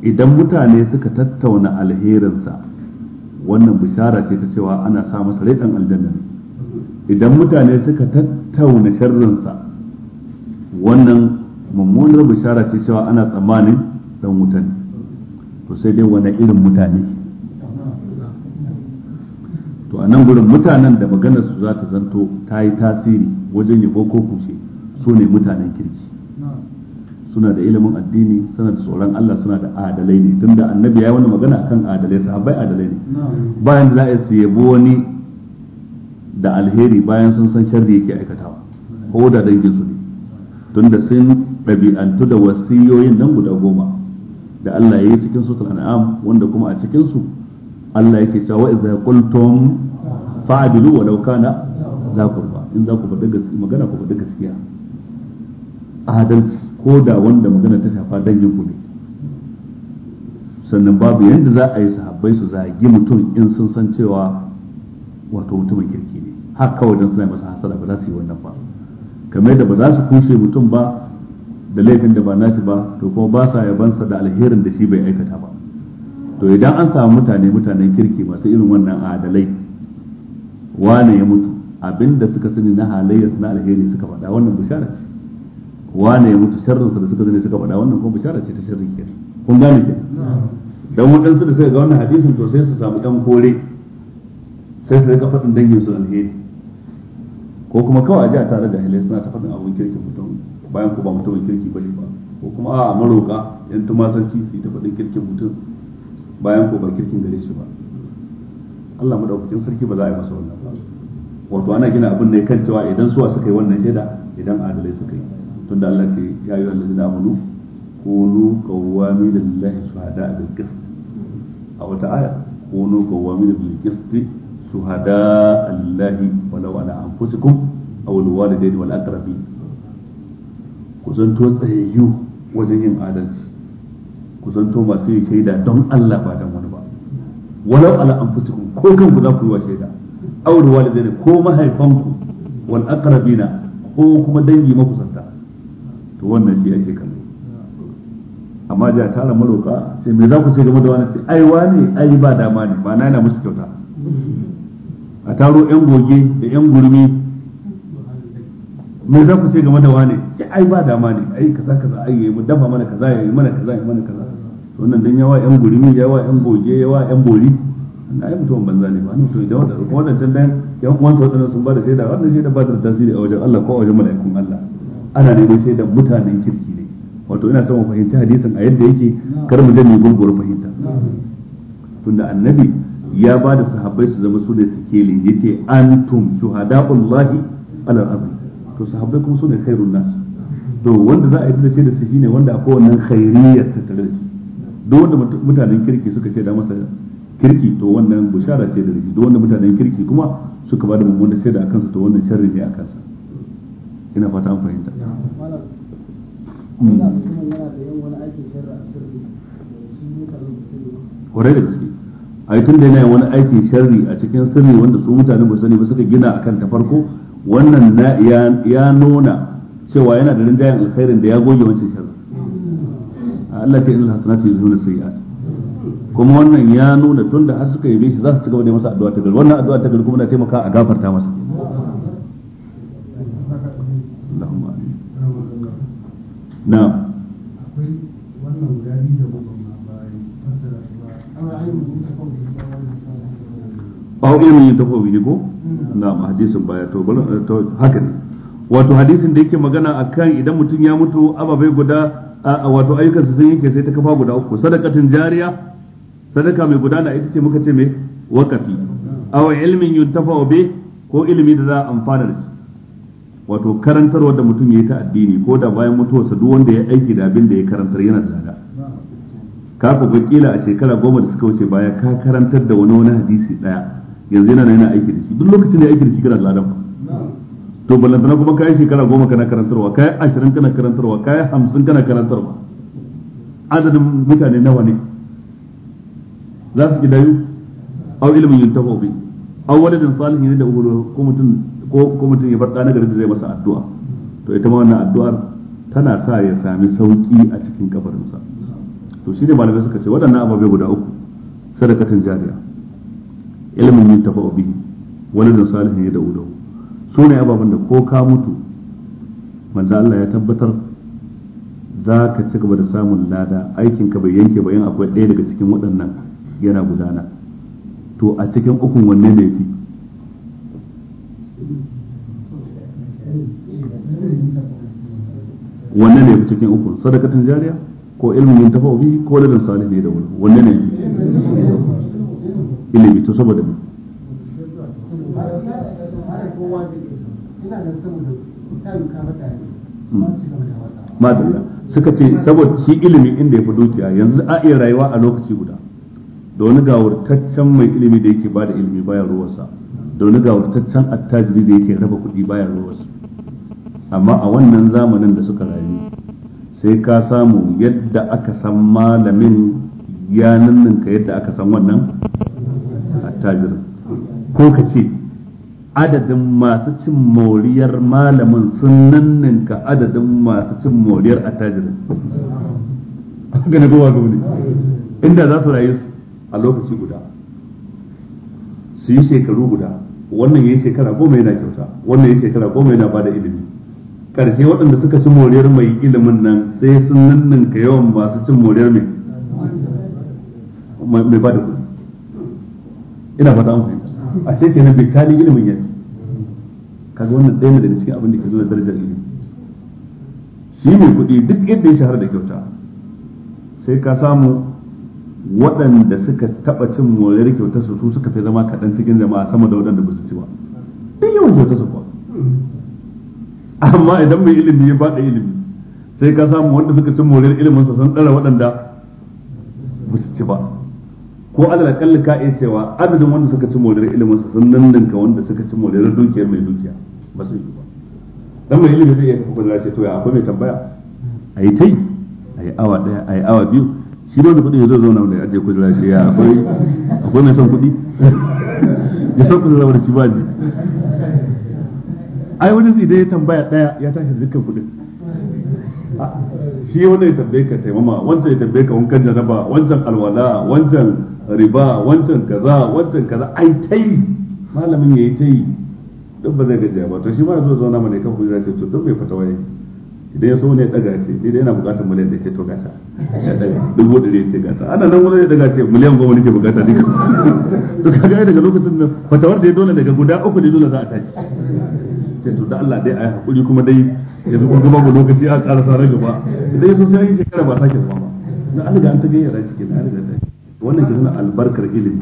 idan mutane suka tattauna alherinsa wannan bishara ce ta cewa ana sa masa rai aljanna ne idan mutane suka tattauna sharrinsa wannan mummunar bishara ce cewa ana tsammanin dan wuta ne to sai dai wani irin mutane to a nan gurin mutanen da maganar su za ta zanto ta yi tasiri wajen yabo ko kushe su ne mutanen kirki suna da ilimin addini suna da tsoron Allah suna da adalai ne tunda annabi ya yi wani magana kan adalai sahabbai adalai ne bayan da za a su yabo wani da alheri bayan sun san sharri yake aikatawa ko da dangin su tunda sun ɗabi'antu da wasiyoyin nan guda goma da Allah ya yi cikin sutar an'am wanda kuma a cikinsu su Allah yake cewa wa idza qultum fa'dilu walau kana za ku ba in za ku faɗi gaskiya magana ku faɗi gaskiya adalci ko da wanda magana ta shafa dangin ku ne sannan babu yadda za a yi sahabbai su zagi mutum in sun san cewa wato mutumin kirki ne haka kawai suna masa hasara ba za su yi wannan ba kamar da ba za su kushe mutum ba da laifin da ba nashi ba to kuma ba sa yabansa da alherin da shi bai aikata ba to idan an samu mutane mutanen kirki masu irin wannan adalai wane ya mutu abinda suka sani na halayya na alheri suka faɗa wannan bishara ce wane ya mutu sharrinsa da suka sani suka faɗa wannan kuma bishara ce ta sharrin ke kun gane ke dan wadansu da suka ga wannan hadisin to sai su samu ɗan kore sai su rika faɗin dangin su alheri ko kuma kawai a ji a tare jahilai suna ta faɗin abin kirki mutum bayan ko ba mutumin kirki ne ba ko kuma a maroka yan tumasanci su yi ta faɗin kirkin mutum bayan ko ba kirkin gare shi ba Allah madaukakin sarki ba za a yi masa wannan ba wato ana gina abin ne kan cewa idan suwa suka yi wannan shaida idan adalai suka yi da Allah ce ya yi wallahi da amanu kunu qawwami lillahi shuhada bil qist a wata aya kunu da bil qist شهداء الله ولو على أنفسكم أو الوالدين والأقربين كزنتو تهيو وزين عدلت كزنتو ما سي شهيدا دون الله بعد ونبا ولو على أنفسكم كوكم كذاكم وشهيدا أو الوالدين كوما هيفنكم والأقربين كوكما دنجي مكسنتا wannan shi ake kallo amma da ta tara maroka sai me za ku ce game da wani sai ai wani ai ba dama ne ba na yana musu kyauta taro yan goge da yan gurmi me za ku ce game da wane ki ai ba dama ne ai kaza kaza ai yayi mu dafa mana kaza yayi mana kaza yayi mana kaza to wannan dan yawa yan gurmi yawa yan goge yawa yan bori na ai mutum banza ne ba ni mutum da wannan ko wannan dan yan uwan sa sun ba da shaida wannan shaida ba da tasiri a wajen Allah ko a wajen mala'ikun Allah ana neman da mutanen kirki ne wato ina son mu fahimci hadisin a yadda yake kar mu je mu gurgur fahimta tunda annabi ya ba da sahabbai su zama su ne sikeli yace antum ullahi alal abu to sahabbai kuma su ne khairun nas to wanda za a yi da shi da su shine wanda akwai wannan khairiyyar tattare da shi duk wanda mutanen kirki suka shaida masa kirki to wannan bushara ce da rishi duk wanda mutanen kirki kuma suka ba da mummunan shaida a kansa to wannan sharri ne a kansa ina fata an fahimta kwarai da gaske ai tun da yana wani aikin sharri a cikin sirri wanda su mutane ba sani ba suka gina kan ta farko wannan ya nuna cewa yana da rinjayen alkhairin da ya goge wancan sharri Allah ce inal hasanatu yuzhibuna sayyi'at kuma wannan ya nuna tun da har suka yabe shi za su cigaba da masa addu'a ta gari wannan addu'a ta gari kuma na taimaka a gafarta masa na'am ba ilimin yin ne ko na hadisin baya to haka ne wato hadisin da yake magana akan idan mutum ya mutu ababai guda wato ayyukansa sun yanke sai ta kafa guda uku sadakatin jariya sadaka mai gudana ita ce muka ce mai wakafi Awo ilmin yin bi ko ilimi da za a amfana da shi wato karantarwa da mutum ya yi ta addini ko da bayan mutuwarsa duk wanda ya aiki da abin da ya karantar yana da lada kafa kila a shekara goma da suka wuce baya ka karantar da wani wani hadisi daya yanzu yana yana aiki da shi duk lokacin da ya aiki da shi kana da ladan to ballantana kuma kai shekara goma kana karantarwa kai ashirin kana karantarwa kai hamsin kana karantarwa adadin mutane nawa ne za su gidayu au ilimin yuntafa bi au waladin salihin ne da ubulu ko mutum ko mutum ya bar da nagari da zai masa addu'a to ita ma wannan addu'ar tana sa ya sami sauki a cikin kabarinsa to shi ne malamai suka ce waɗannan ababe guda uku sadakatun jariya ilmin obi wani da salihin yad'u su ne ababen da ko ka mutu manzo Allah ya tabbatar za ka ci gaba da samun lada aikin ka bai yanke ba in akwai ɗaya daga cikin waɗannan yana gudana to a cikin ukun wanne ne fi wanne ne fi cikin ukun sadakatun jariya ko ilmin tafa obi ko ladan salihin da lahu wanne ne fi ilimi to saboda ne madalla suka ce saboda shi ilimi inda ya fi dukiya yanzu a iya rayuwa a lokaci guda da wani gawurtaccen mai ilimi da yake bada ilimi bayan ruwarsa da wani gawurtaccen attajiri da yake raba kuɗi bayan ruwarsa amma a wannan zamanin da suka rayu sai ka samu yadda aka san malamin ya ninninka yadda aka san wannan attajirin ko ka ce adadin masu cin moriyar malamin sun ka adadin masu cin moriyar attajirin gane gowa gobe inda za su rayu a lokaci guda su yi shekaru guda wannan ya yi shekara goma yana kyauta wannan ya yi shekara goma yana bada ilimi karshe waɗanda suka ci moriyar mai ilimin nan sai sun ka yawan masu cin moriyar mai mai bada kuɗi ina fata an fahimta a sai nan bitalin ilimin yadda kaga wannan ɗaya daga cikin abin da ke zo da darajar ilimi shi mai kuɗi duk yadda ya shahara da kyauta sai ka samu waɗanda suka taɓa cin morar kyautar su su suka fi zama kaɗan cikin jama'a sama da waɗanda ba su ci ba duk yawan kyautar su kuwa amma idan mai ilimi ya bada ilimi sai ka samu wanda suka cin morar ilimin su sun ɗara waɗanda ba su ci ba ko alal kalli ka iya cewa adadin wanda suka ci moriyar ilimin su sun nandanka wanda suka ci moriyar dukiyar mai dukiya ba su yi ba dan mai ilimi zai iya kafa kudin ce to ya akwai mai tambaya A yi yi a yi awa daya yi awa biyu shi da kudin ya zo zauna ya je kudin ce ya akwai akwai mai son kudi ya son kudin da shi ba ji ai wani zai dai tambaya daya ya tashi dukkan kudin ah, shi wanda ya tambaye ka taimama wancan ya tambaye ka wankan jaraba wancan alwala wancan riba wancan kaza wancan kaza ai tai malamin yayi tai duk ba zai gajiya ba to shi ma zo zauna mana kan kujera ce to duk mai fata waye idan ya so ne daga ce ni da ina bukatar miliyan da ke to gata ya daga dubu da ce gata ana nan wani daga ce miliyan goma nake bukata ne to kaga daga lokacin nan fatawar da ya dole daga guda uku ne dole za a tashi ce to da Allah dai a hakuri kuma dai yanzu kun gaba lokaci a tsara sarar gaba idan ya so sai an yi shekara ba sake zuwa ba na an an ta gayyara shi kenan an riga ta wannan ke nuna albarkar ilimi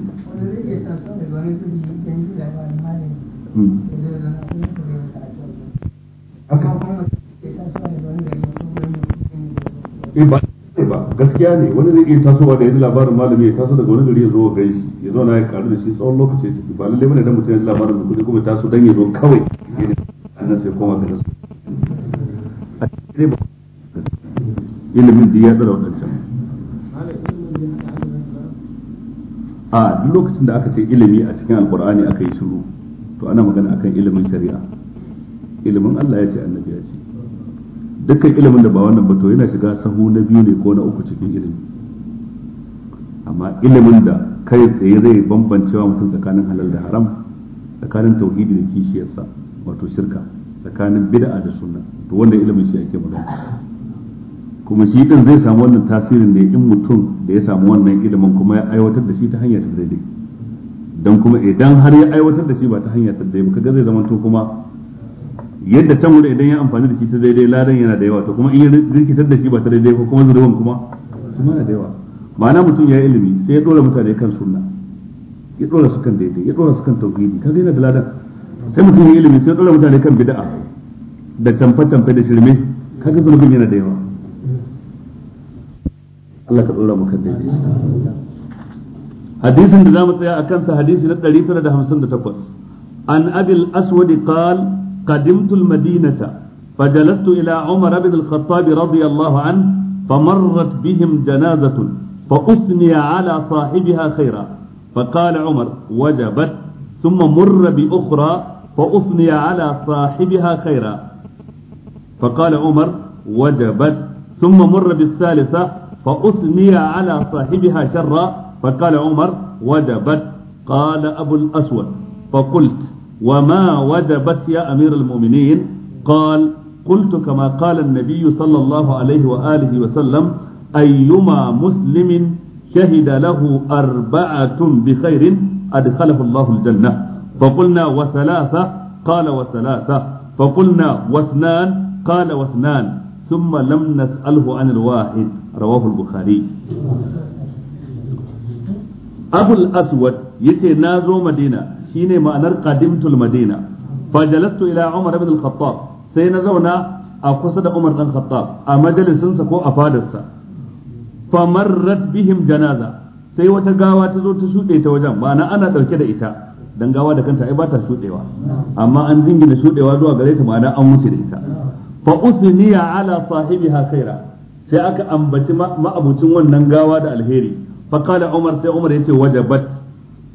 eh ba ne ba gaskiya ne wani zai iya tasowa da yin labarin malami ya taso daga wani gari ya zo gai shi ya zo na ya karu da shi tsawon lokaci ya tafi ba lalle bane dan mutum ya labarin da kuɗi kuma taso dan ya zo kawai annan sai koma ga nasu ilimin da ya tsara wannan a duk lokacin da aka ce ilimi a cikin alkur'ani aka yi shiru to ana magana akan ilimin shari'a ilimin Allah ya ce annabi ya ce dukkan ilimin da ba wannan ba to yana shiga sahu na biyu ne ko na uku cikin ilimi amma ilimin da kai tsaye zai bambancewa mutum tsakanin halal da haram tsakanin tauhidi da kishiyarsa wato shirka tsakanin bid'a da sunna to wannan ilimin shi ake magana kuma shi din zai samu wannan tasirin ne in mutum da ya samu wannan ilimin kuma ya aiwatar da shi ta hanyar daidai dan kuma idan har ya aiwatar da shi ba ta hanyar daidai ba kaga zai zama to kuma yadda can wuri idan ya amfani da shi ta daidai ladan yana da yawa to kuma in ya rikitar da shi ba ta daidai ko kuma zurwan kuma su mana da yawa ma'ana mutum ya yi ilimi sai ya dora mutane kan sunna ya dora su kan daidai ya dora su kan tauhidi kaga yana da ladan sai mutum ya yi ilimi sai ya dora mutane kan bid'a da canfa-canfa da shirme kaga zurfin yana da yawa Allah ka dora maka daidai hadisin da zamu tsaya akan sa hadisi na 958 an abil aswad qal qadimtu al madinata فجلست إلى عمر بن الخطاب رضي الله عنه فمرت بهم جنازة فأثني على صاحبها خيرا فقال عمر وجبت ثم مر بأخرى فأثني على صاحبها خيرا فقال عمر وجبت ثم مر بالثالثة فأثني على صاحبها شرا فقال عمر وجبت قال أبو الأسود فقلت وما وجبت يا أمير المؤمنين قال قلت كما قال النبي صلى الله عليه وآله وسلم أيما مسلم شهد له أربعة بخير أدخله الله الجنة فقلنا وثلاثة قال وثلاثة فقلنا واثنان قال واثنان ثم لم نسأله عن الواحد rawahu al abul aswad yace na zo madina shine ma'anar qadimtul madina fa jalastu ila umar ibn al-khattab sai na zauna a kusa da umar dan khattab a majalisinsa ko a fadarsa fa marrat bihim janaza sai wata gawa ta zo ta shuɗe ta wajen ma'ana ana ɗauke da ita dan gawa da kanta ai bata shuɗewa amma an jingina shuɗewa zuwa gare ta ma'ana an wuce da ita fa usniya ala sahibiha khaira sai aka ambaci ma'abucin wannan gawa da alheri faqala umar sai umar yace wajabat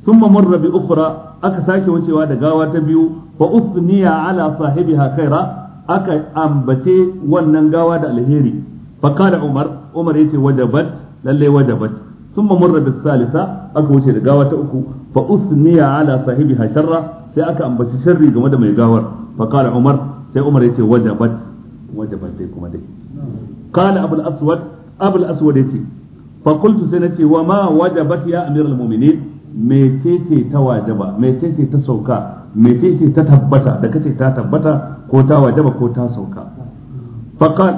thumma marra bi ukhra aka sake wucewa da gawa ta biyu fa usniya ala sahibiha khaira aka ambace wannan gawa da alheri faqala umar umar yace wajabat lalle wajabat thumma marra bi salisa aka wuce da gawa ta uku fa usniya ala sahibiha sharra sai aka ambaci sharri game da mai gawar faqala umar sai umar yace wajabat wajabat dai kuma dai qala abul aswad abul yace fa qultu sai nace wa ma wajabat ya amiral mu'minin mecece ta wajaba mecece ta sauka mecece ta tabbata da kace ta tabbata ko ta wajaba ko ta sauka fa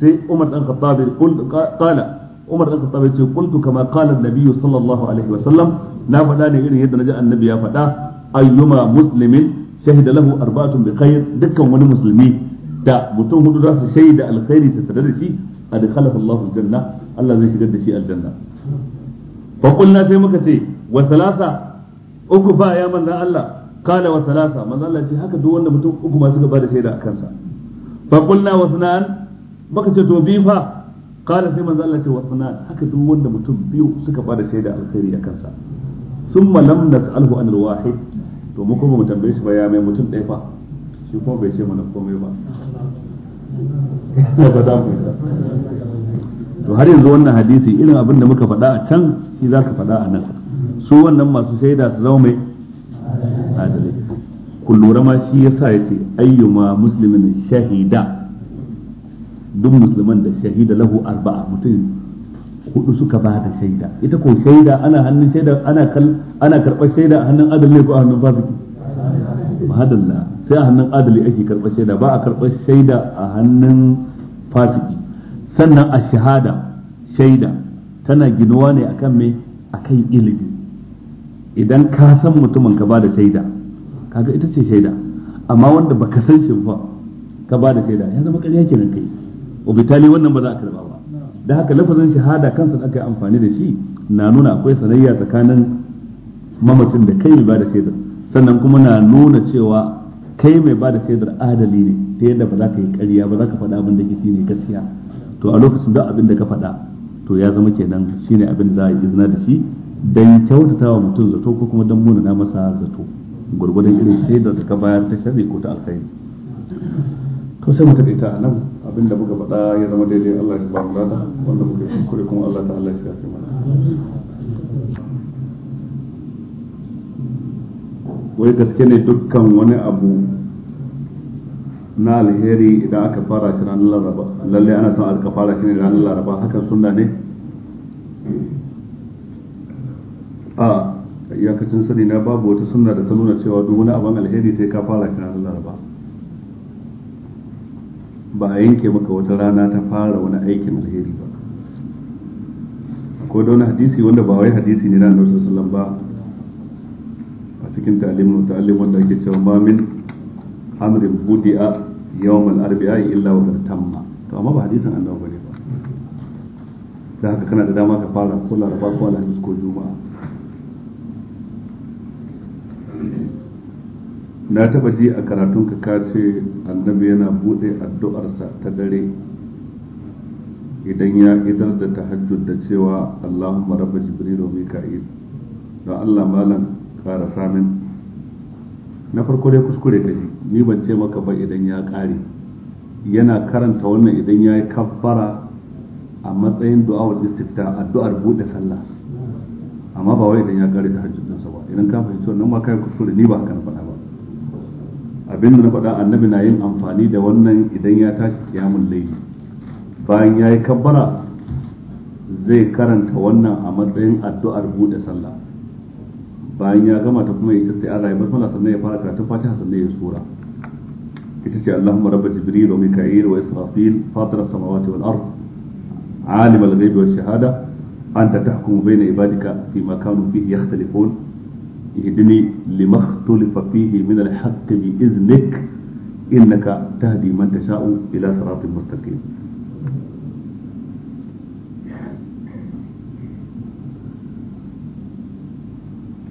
sai umar dan khattab qala umar dan sallallahu alaihi wa sallam na faɗa ne irin yadda naji annabi ya faɗa ayyuma muslimin shahida lahu arba'atun bi khair dukkan wani musulmi da mutum hudu za su shaida alkhairi ta tare da shi a adkhalahu Allahu janna Allah zai shigar da shi aljanna fa qulna sai muka ce wa salasa uku fa ya manzan Allah kala wa salasa manzan Allah ce haka duk wanda mutum uku ma suka bada shaida a kansa fa qulna wa sunan muka ce to bi fa kala sai manzan Allah ce wa sunan haka duk wanda mutum biyu suka bada shaida alkhairi a kansa summa lam nas'alhu an al-wahid to mu kuma mu tambaye shi ba ya mai mutum ɗaya fa shi kuma bai ce mana komai ba ba za mu ita to har yanzu wannan hadisi irin abin da muka faɗa a can shi za ka faɗa a nan su wannan masu shaida su zama mai adalai ku lura ma shi ya sa ya ce ayyuma musulmin shahida duk musulman da shahida lahu arba'a mutum hudu suka ba da shaida ita ko shaida ana hannun shaida ana karɓar shaida a hannun adalai ko a hannun fasiki mahadalla sai a hannun adali ake karɓar shaida ba a karɓar shaida a hannun fasiki sannan a shahada shaida tana ginuwa ne akan me akan ilimi idan ka san mutumin ka ba da shaida kaga ita ce shaida amma wanda baka san shi ba ka ba da shaida ya zama ƙarya kenan kai obitali wannan ba za a karɓa ba da haka lafazin shahada kansa da aka yi amfani da shi na nuna akwai sanayya tsakanin mamacin da kai ba da shaida sannan kuma na nuna cewa kai mai ba da shaidar adali ne ta yadda ba za ka yi ƙarya ba za ka faɗa abin da ke shine gaskiya to a lokacin da abin da ka faɗa to ya zama kenan shine abin da za a yi izina da shi dan kyautata wa mutum zato ko kuma dan munana masa zato gurgurdan irin shaidar da ka bayar ta sharri ko ta alkhairi to sai mu taƙaita a nan abin da muka faɗa ya zama daidai Allah ya ba mu lada wanda muka yi kuma Allah Allah ya shafe mana wai gaske ne dukkan wani abu na alheri idan aka fara shi ranar laraba lalle ana son aka fara shi ne ranar laraba hakan sunna ne a iyakacin sani na babu wata sunna da ta nuna cewa duk wani abin alheri sai ka fara shi ranar laraba ba a yanke maka wata rana ta fara wani aikin alheri ba akwai da wani hadisi wanda ba wai hadisi ne na annabi sallallahu alaihi wasallam ba cikin ta'alimin ta'alim wanda ake cewa ma min amrin budi'a yawmal arbi'a illa wa tamma to amma ba hadisin annabi bane ba da haka kana da dama ka fara ko laraba ko alhamis ko juma'a na taba ji a karatunka ka ce annabi yana buɗe addu'arsa ta dare idan ya idar da tahajjud da cewa Allahumma rabbi jibril wa mika'il don Allah malam fara samin na farko dai kuskure ka ji ni ban ce maka ba idan ya kare yana karanta wannan idan ya yi kafara a matsayin du'awar istifta addu'ar bude sallah amma ba wai idan ya kare ta hajji sa ba idan ka fahimci wannan ba kai kuskure ni ba haka na faɗa ba Abin da na faɗa annabi na yin amfani da wannan idan ya tashi kiyamun laifi bayan ya yi kabbara zai karanta wannan a matsayin addu'ar bude sallah bayan ya gama ta kuma ya isti'aza ya basmala sannan ya fara karatu fatiha sannan ya sura ita ce Allahumma rabba jibril wa mika'il wa israfil fatir as-samawati wal ard alim al-ghaibi wa shahada anta tahkumu bayna ibadika fi ma kanu fihi yakhtalifun ihdini lima ikhtalafa fihi min al-haqq bi idhnik innaka tahdi man tasha'u ila siratin mustaqim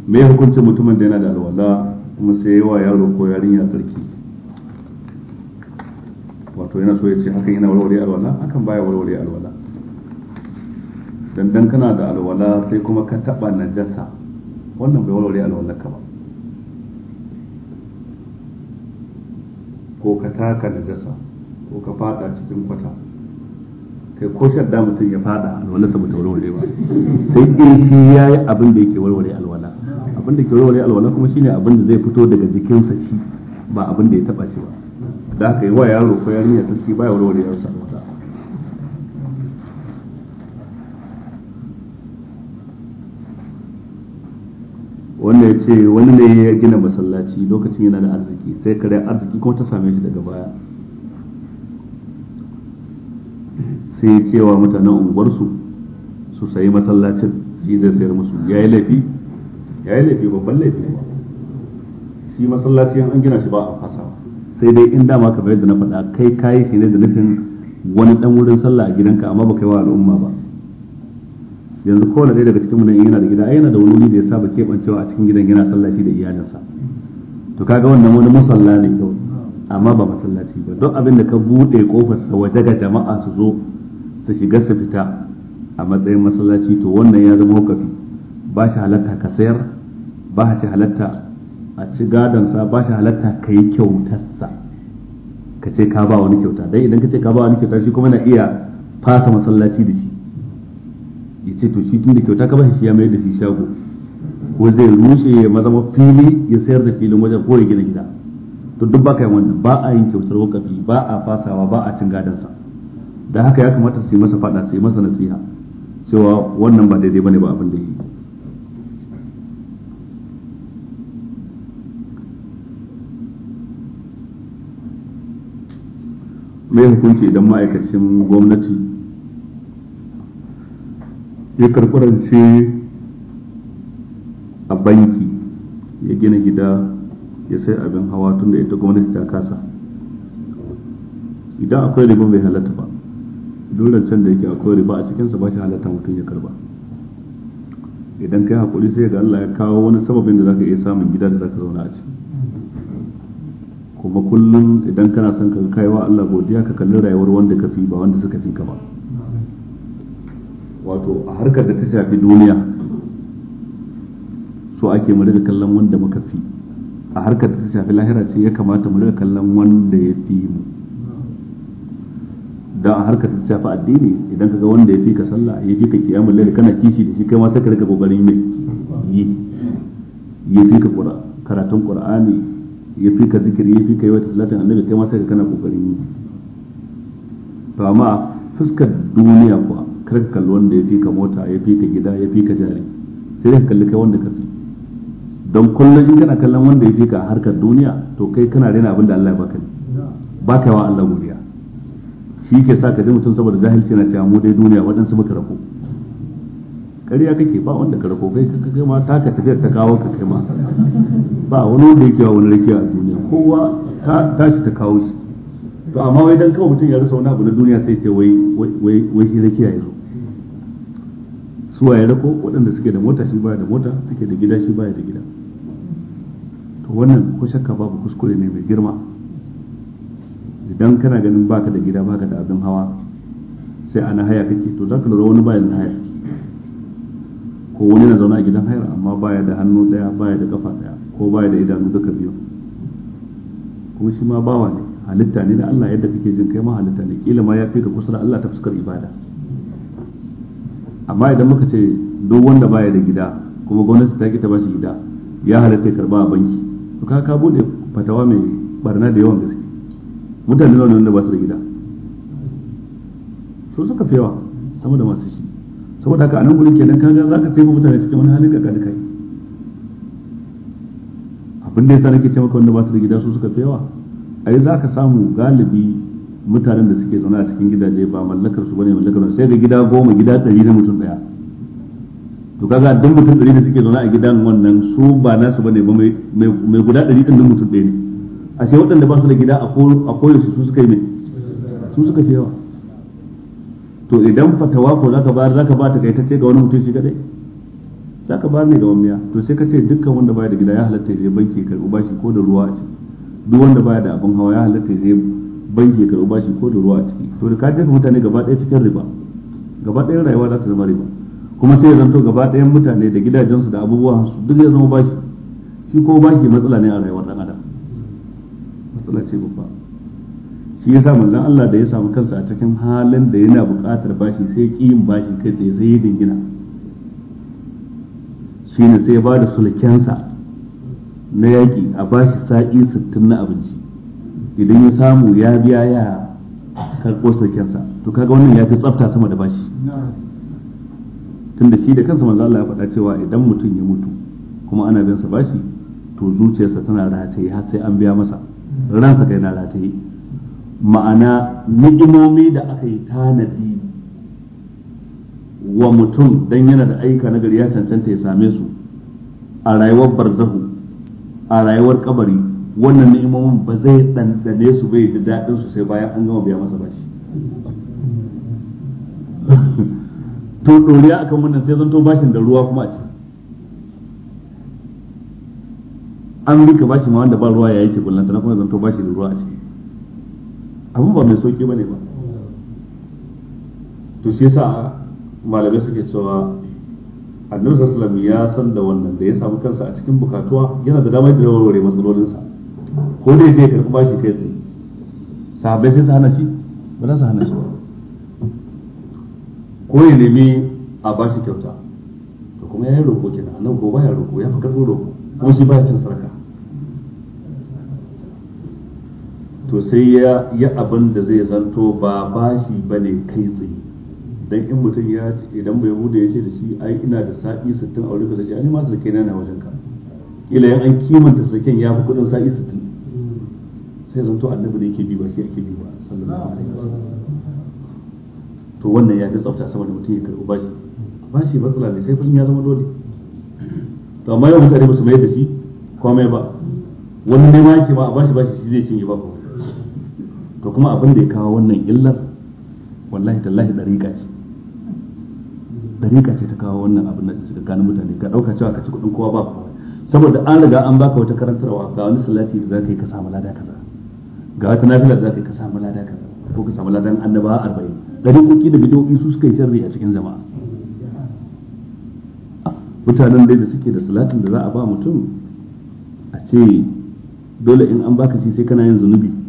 me hukunci mutumin da yana da alwala kuma sai yawa yaro ko yarinya tsarki wato yana so ya ce hakan yana warware alwala hakan baya warware alwala dandan kana da alwala sai kuma ka taba najasa wannan bai warware alwala ka ba ko ka taka najasa ko ka fada cikin kwata kai ko shadda mutum ya fada alwala saboda bata warware ba sai in shi yayi abin da yake warware alwala abin da ke warware alwala kuma shine abin da zai fito daga jikinsa shi ba abin da ya taba shi ba da haka yi wa yaro ko yarinya sarki ba ya warware yaro sa alwala wanda ya ce wani ne ya gina masallaci lokacin yana da arziki sai kare arziki kuma ta same shi daga baya sai cewa mutanen unguwarsu su sayi masallacin shi zai sayar musu ya yi laifi ya yi laifi babban laifi ba shi masallaci an gina shi ba a fasa sai dai in dama ka bayar da na faɗa kai kayi shi ne da nufin wani ɗan wurin sallah a gidanka amma ba kai wa al'umma ba yanzu kowane ɗaya daga cikin mu yana da gida ai yana da wani wuri da ya saba keɓancewa a cikin gidan yana sallaci da iyalinsa to kaga wannan wani musalla ne kyau amma ba masallaci ba don abin da ka buɗe kofar sa waje ga jama'a su zo su shiga su fita a matsayin masallaci to wannan ya zama hukafi ba shi halatta ka sayar ba shi halatta a ci gadonsa ba shi halatta ka yi kyautarsa ka ce ka ba wani kyauta dai idan ka ce ka ba wani kyauta shi kuma na iya fasa masallaci da shi ya ce to shi tun da kyauta ka ba shi ya mai da shi shago ko zai rushe ya mazama fili ya sayar da filin wajen ko ya gina gida to duk baka yi wannan ba a yin kyautar wakafi ba a fasawa ba a cin gadonsa da haka ya kamata su yi masa fada su yi masa nasiha cewa wannan ba daidai bane ba abin da yi mai hukunci idan ma'aikacin gwamnati ya karkurance a banki ya gina gida ya sai abin hawa tun da ita gwamnati ta kasa idan akwai riba bai halatta ba dole can da yake akwai riba a cikinsa ba shi halatta mutum ya karba idan kai hakuri sai ga Allah ya kawo wani sababin da zaka iya samun gida da zaka zauna a ciki kuma kullum idan kana son ka kaiwa Allah godiya ka kalli rayuwar wanda ka fi ba wanda suka fi ka ba wato a harkar da ta shafi duniya so ake mu daga kallon wanda muka fi a harkar da ta shafi lahira ce ya kamata mu daga kallon wanda ya fi mu dan a harkar da ta shafi addini idan kaga wanda ya fi ka sallah ya fi ka kiyamul lail kana kishi da shi kai ma sai ka riga kokarin mai yi ya fi ka karatun qur'ani ya fi ka zikiri ya fi ka yawaita salatin annabi kai ma sai ka kana kokarin yi to amma fuskar duniya kuwa kar ka kalli wanda ya fi ka mota ya fi ka gida ya fi ka jari sai ka kalli kai wanda ka fi don kullum in kana kallon wanda ya fi ka harkar duniya to kai kana rena abin da Allah ya baka ne ba ka wa Allah godiya shi ke sa ka ji mutum saboda jahilci na cewa mu dai duniya waɗansu muka rako ƙarya kake ba wanda ka rako kai ka kai ma ka tafiyar ta kawo ka kai ma ba wani wanda yake wani rakiya a duniya kowa ta tashi ta kawo shi to amma wai dan kawai mutum ya rasa wani abu na duniya sai ce wai wai wai shi rakiya ya zo suwa ya rako waɗanda suke da mota shi baya da mota suke da gida shi baya da gida to wannan ko shakka babu kuskure ne mai girma idan kana ganin baka da gida baka da abin hawa sai ana haya kake to zaka lura wani bayan haya ko wani na zaune a gidan hayar amma baya da hannu daya baya da kafa daya ko baya da idanu duka biyu kuma shi ma bawa ne halitta ne da Allah yadda kake jin kai ma halitta ne kila ma ya fi ka kusa da Allah ta fuskar ibada amma idan muka ce duk wanda baya da gida kuma gwamnati ta ki ta bashi gida ya halatta karba a banki to ka ka bude fatawa mai barna da yawan gaske mutane ne wanda ba su da gida su suka fi yawa sama da masu saboda haka a nan gurin kenan kaga zaka sai mutane cikin wani halin kaka da kai abin da yasa nake ce maka wanda ba su da gida su suka fi yawa ai zaka samu galibi mutanen da suke zaune a cikin gidaje ba mallakar su bane mallakar sai da gida goma gida ɗari na mutum ɗaya to kaga duk mutum ɗari da suke zaune a gidan wannan su ba nasu bane ba mai guda ɗari ɗin mutum ɗaya ne a sai waɗanda ba su da gida a koyaushe su suka yi mai su suka fi yawa to idan fatawa ko zaka bayar zaka ba ta kai ta ce ga wani mutum shi kadai zaka ba ne ga wamiya to sai ka ce dukkan wanda baya da gida ya halatta je banki ya karbi bashi ko da ruwa a ciki duk wanda baya da abin hawa ya halatta je banki ya karbi bashi ko da ruwa a ciki to da ka jefa mutane gaba ɗaya cikin riba gaba ɗaya rayuwa za ta zama riba kuma sai ya zanto gaba ɗayan mutane da gidajensu da abubuwan su duk ya zama bashi shi ko bashi matsala ne a rayuwar dan adam matsala ce babba shi ya yasa manzon Allah da ya samu kansa a cikin halin da yana buƙatar bashi sai ƙi yin bashi kai tsaye sai ya shi ne sai ya ba sulkensa na yaƙi a bashi sa'i sittin na abinci idan ya samu ya biya ya karɓo sulkensa to kaga wannan ya fi tsafta sama da bashi tunda shi da kansa maza Allah ya faɗa cewa idan mutum ya mutu kuma ana bin sa bashi to zuciyarsa tana rataye har sai an biya masa ransa kai na rataye ma'ana ni'imomi da aka yi tanadi wa mutum don yana da aika na gari ya cancanta ya same su a rayuwar barzahu a rayuwar kabari wannan ni'imomin ba zai ɗanɗane su bai da daɗin su sai bayan an gama biya masa ba shi. to ɗoriya akan wannan sai zanto bashin da ruwa kuma a ce an rika bashi ma wanda ba ruwa ya yake kullanta na kuma zanto bashi da ruwa a ciki abu ba mai sauki ne ba to shi yasa malamai suke cewa annabi sallallahu ya san da wannan da ya samu kansa a cikin bukatuwa yana da damar da warware masalolinsa ko dai je karɓi bashi kai tsaye sahabbai sai su hana shi ba za su hana shi ko ya nemi a bashi kyauta to kuma ya yi roƙo kenan annabi ko baya roƙo ya fi karɓi roƙo kuma shi baya cin sarka to sai ya yi abin da zai zanto ba bashi ba ne kai tsaye don in mutum ya ce idan bai huda ya ce da shi ai ina da sa'i sittin aure ka sai ma sarki na na wajen ka ila yan an kimanta saken ya fi kudin sa'i sittin sai zanto annabi da yake bi ba shi yake bi ba sallallahu alaihi wasallam to wannan ya fi tsafta sama da mutum ya karɓi bashi bashi tsala ne sai fa in ya zama dole to amma yau mutane ba su mai da shi komai ba wani ne ma yake ma a bashi bashi shi zai cinye ba komai to kuma abin da ya kawo wannan illar wallahi tallahi dariƙa ce dariƙa ce ta kawo wannan abin da suka gani mutane ka ɗauka cewa ka ci kuɗin kowa ba saboda an riga an baka wata karantarwa ga wani salati da zaka yi ka samu lada kaza ga wata nafila da ka yi ka samu lada kaza ko ka samu ladan annaba arba'in kuki da bidoyi su suka yi sharri a cikin jama'a mutanen dai da suke da salatin da za a ba mutum a ce dole in an baka shi sai kana yin zunubi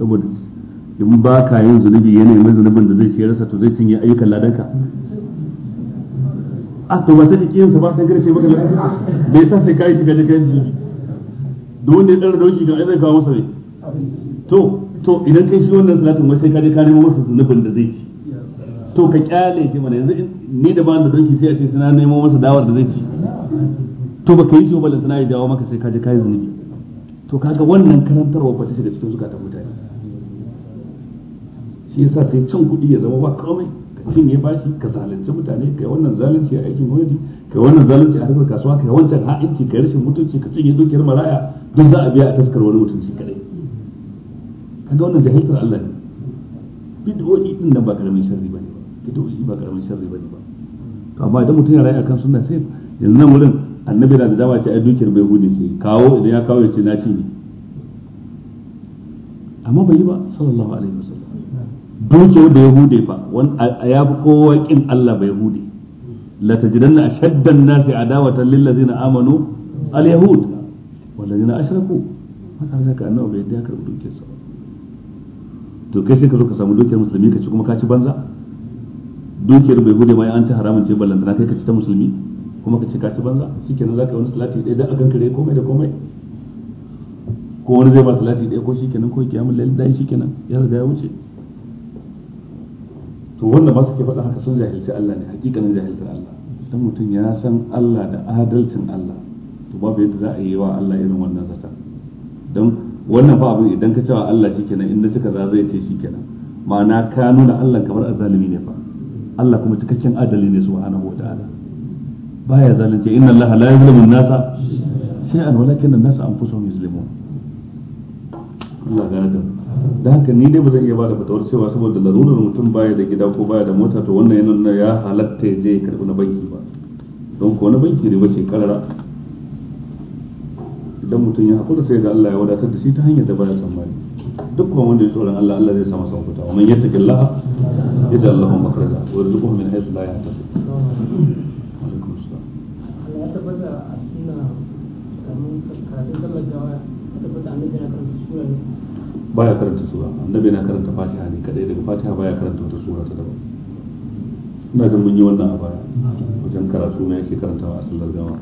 saboda in ba ka yin zunubi ya nemi zunubin da zai ce rasa to zai cinye ayyukan ladanka a ah, to ba sai kiyin sa ba sai shi maka bai sa sai kai shi ga kai zunubi da wanda ya dara dauki kan zai kawo masa ne to to idan kai shi wannan salatin ba sai ka je ka nemo masa zunubin da zai ci to ka kyale shi mana yanzu ni da ba da dauki sai a ce suna nemo masa dawar da zai ci to ka yi shi ba lantana ya jawo maka sai ka je yi zunubi to kaga wannan karantarwa ba ta shiga cikin zukatan mutane shi yasa sai cin kuɗi ya zama ba komai ka cinye bashi ka zalunci mutane ka yi wannan zalunci a aikin gwamnati ka yi wannan zalunci a harkar kasuwa ka yi wancan ha'inci ka yi rashin mutunci ka cinye dukiyar maraya duk za a biya a taskar wani mutunci kadai kaga wannan jahiltar Allah ne bid'o'i din nan ba karamin sharri bane ba bid'o'i ba karamin sharri bane ba to amma idan mutum ya rayu akan sunna sai yanzu nan wurin annabi na da dama ce ai dukiyar bai hudu ce kawo idan ya kawo ya ce na ci ne amma bai yi ba sallallahu alaihi dukiyar ya hude fa a ya fi kowa kin Allah bai hude la na ashaddan nasi adawatan lil na amanu al yahud wal a ashraku haka haka annabi bai ya karbu dukiyar sa to kai sai ka zo ka samu dukiyar musulmi ka ci kuma ka ci banza dukiyar bai hude ma ya an ci haramun ce na kai ka ci ta musulmi kuma ka ce ka ci banza shikenan zaka yi wani salati ɗaya dan kan kare komai da komai ko wani zai ba salati ɗaya ko shikenan ko kiyamul lail dai shikenan ya riga ya wuce to wanda masu ke faɗa haka sun jahilci Allah ne hakikanin jahilcin Allah idan mutum ya san Allah da adalcin Allah to babu yadda za a yi wa Allah irin wannan zata don wannan fa abin idan ka cewa Allah shikenan inda suka za zai ce shikenan ma'ana ka nuna Allah kamar azalimi ne fa Allah kuma cikakken adali ne subhanahu ta'ala baya zalunce inna Allah la yuzlimu an-nasa shay'an walakin an-nasa anfusuhum yuzlimun Allah gane da da haka ni dai ba zan iya ba da fatawar cewa saboda larurar mutum baya da gida ko baya da mota to wannan yana nuna ya halatta ya je karɓi na banki ba don ko na banki ne bace karara idan mutum ya haƙura sai ga Allah ya wadatar da shi ta hanyar da baya tsammani duk kuma wanda ya tsoron Allah Allah zai samu san fita wannan yattaki Allah ya ji Allah mun makarza wa rizquhu min haythu la yahtasib alaikum tabbata a sunna kamun kafin sallar gawa ya tabbata annabi na karanta sura ne baya karanta sura annabi yana karanta fatiha ne kadai daga fatiha baya karanta wata sura ta daban ina jin mun yi wannan a baya wajen karatu na yake karantawa a sallar gawa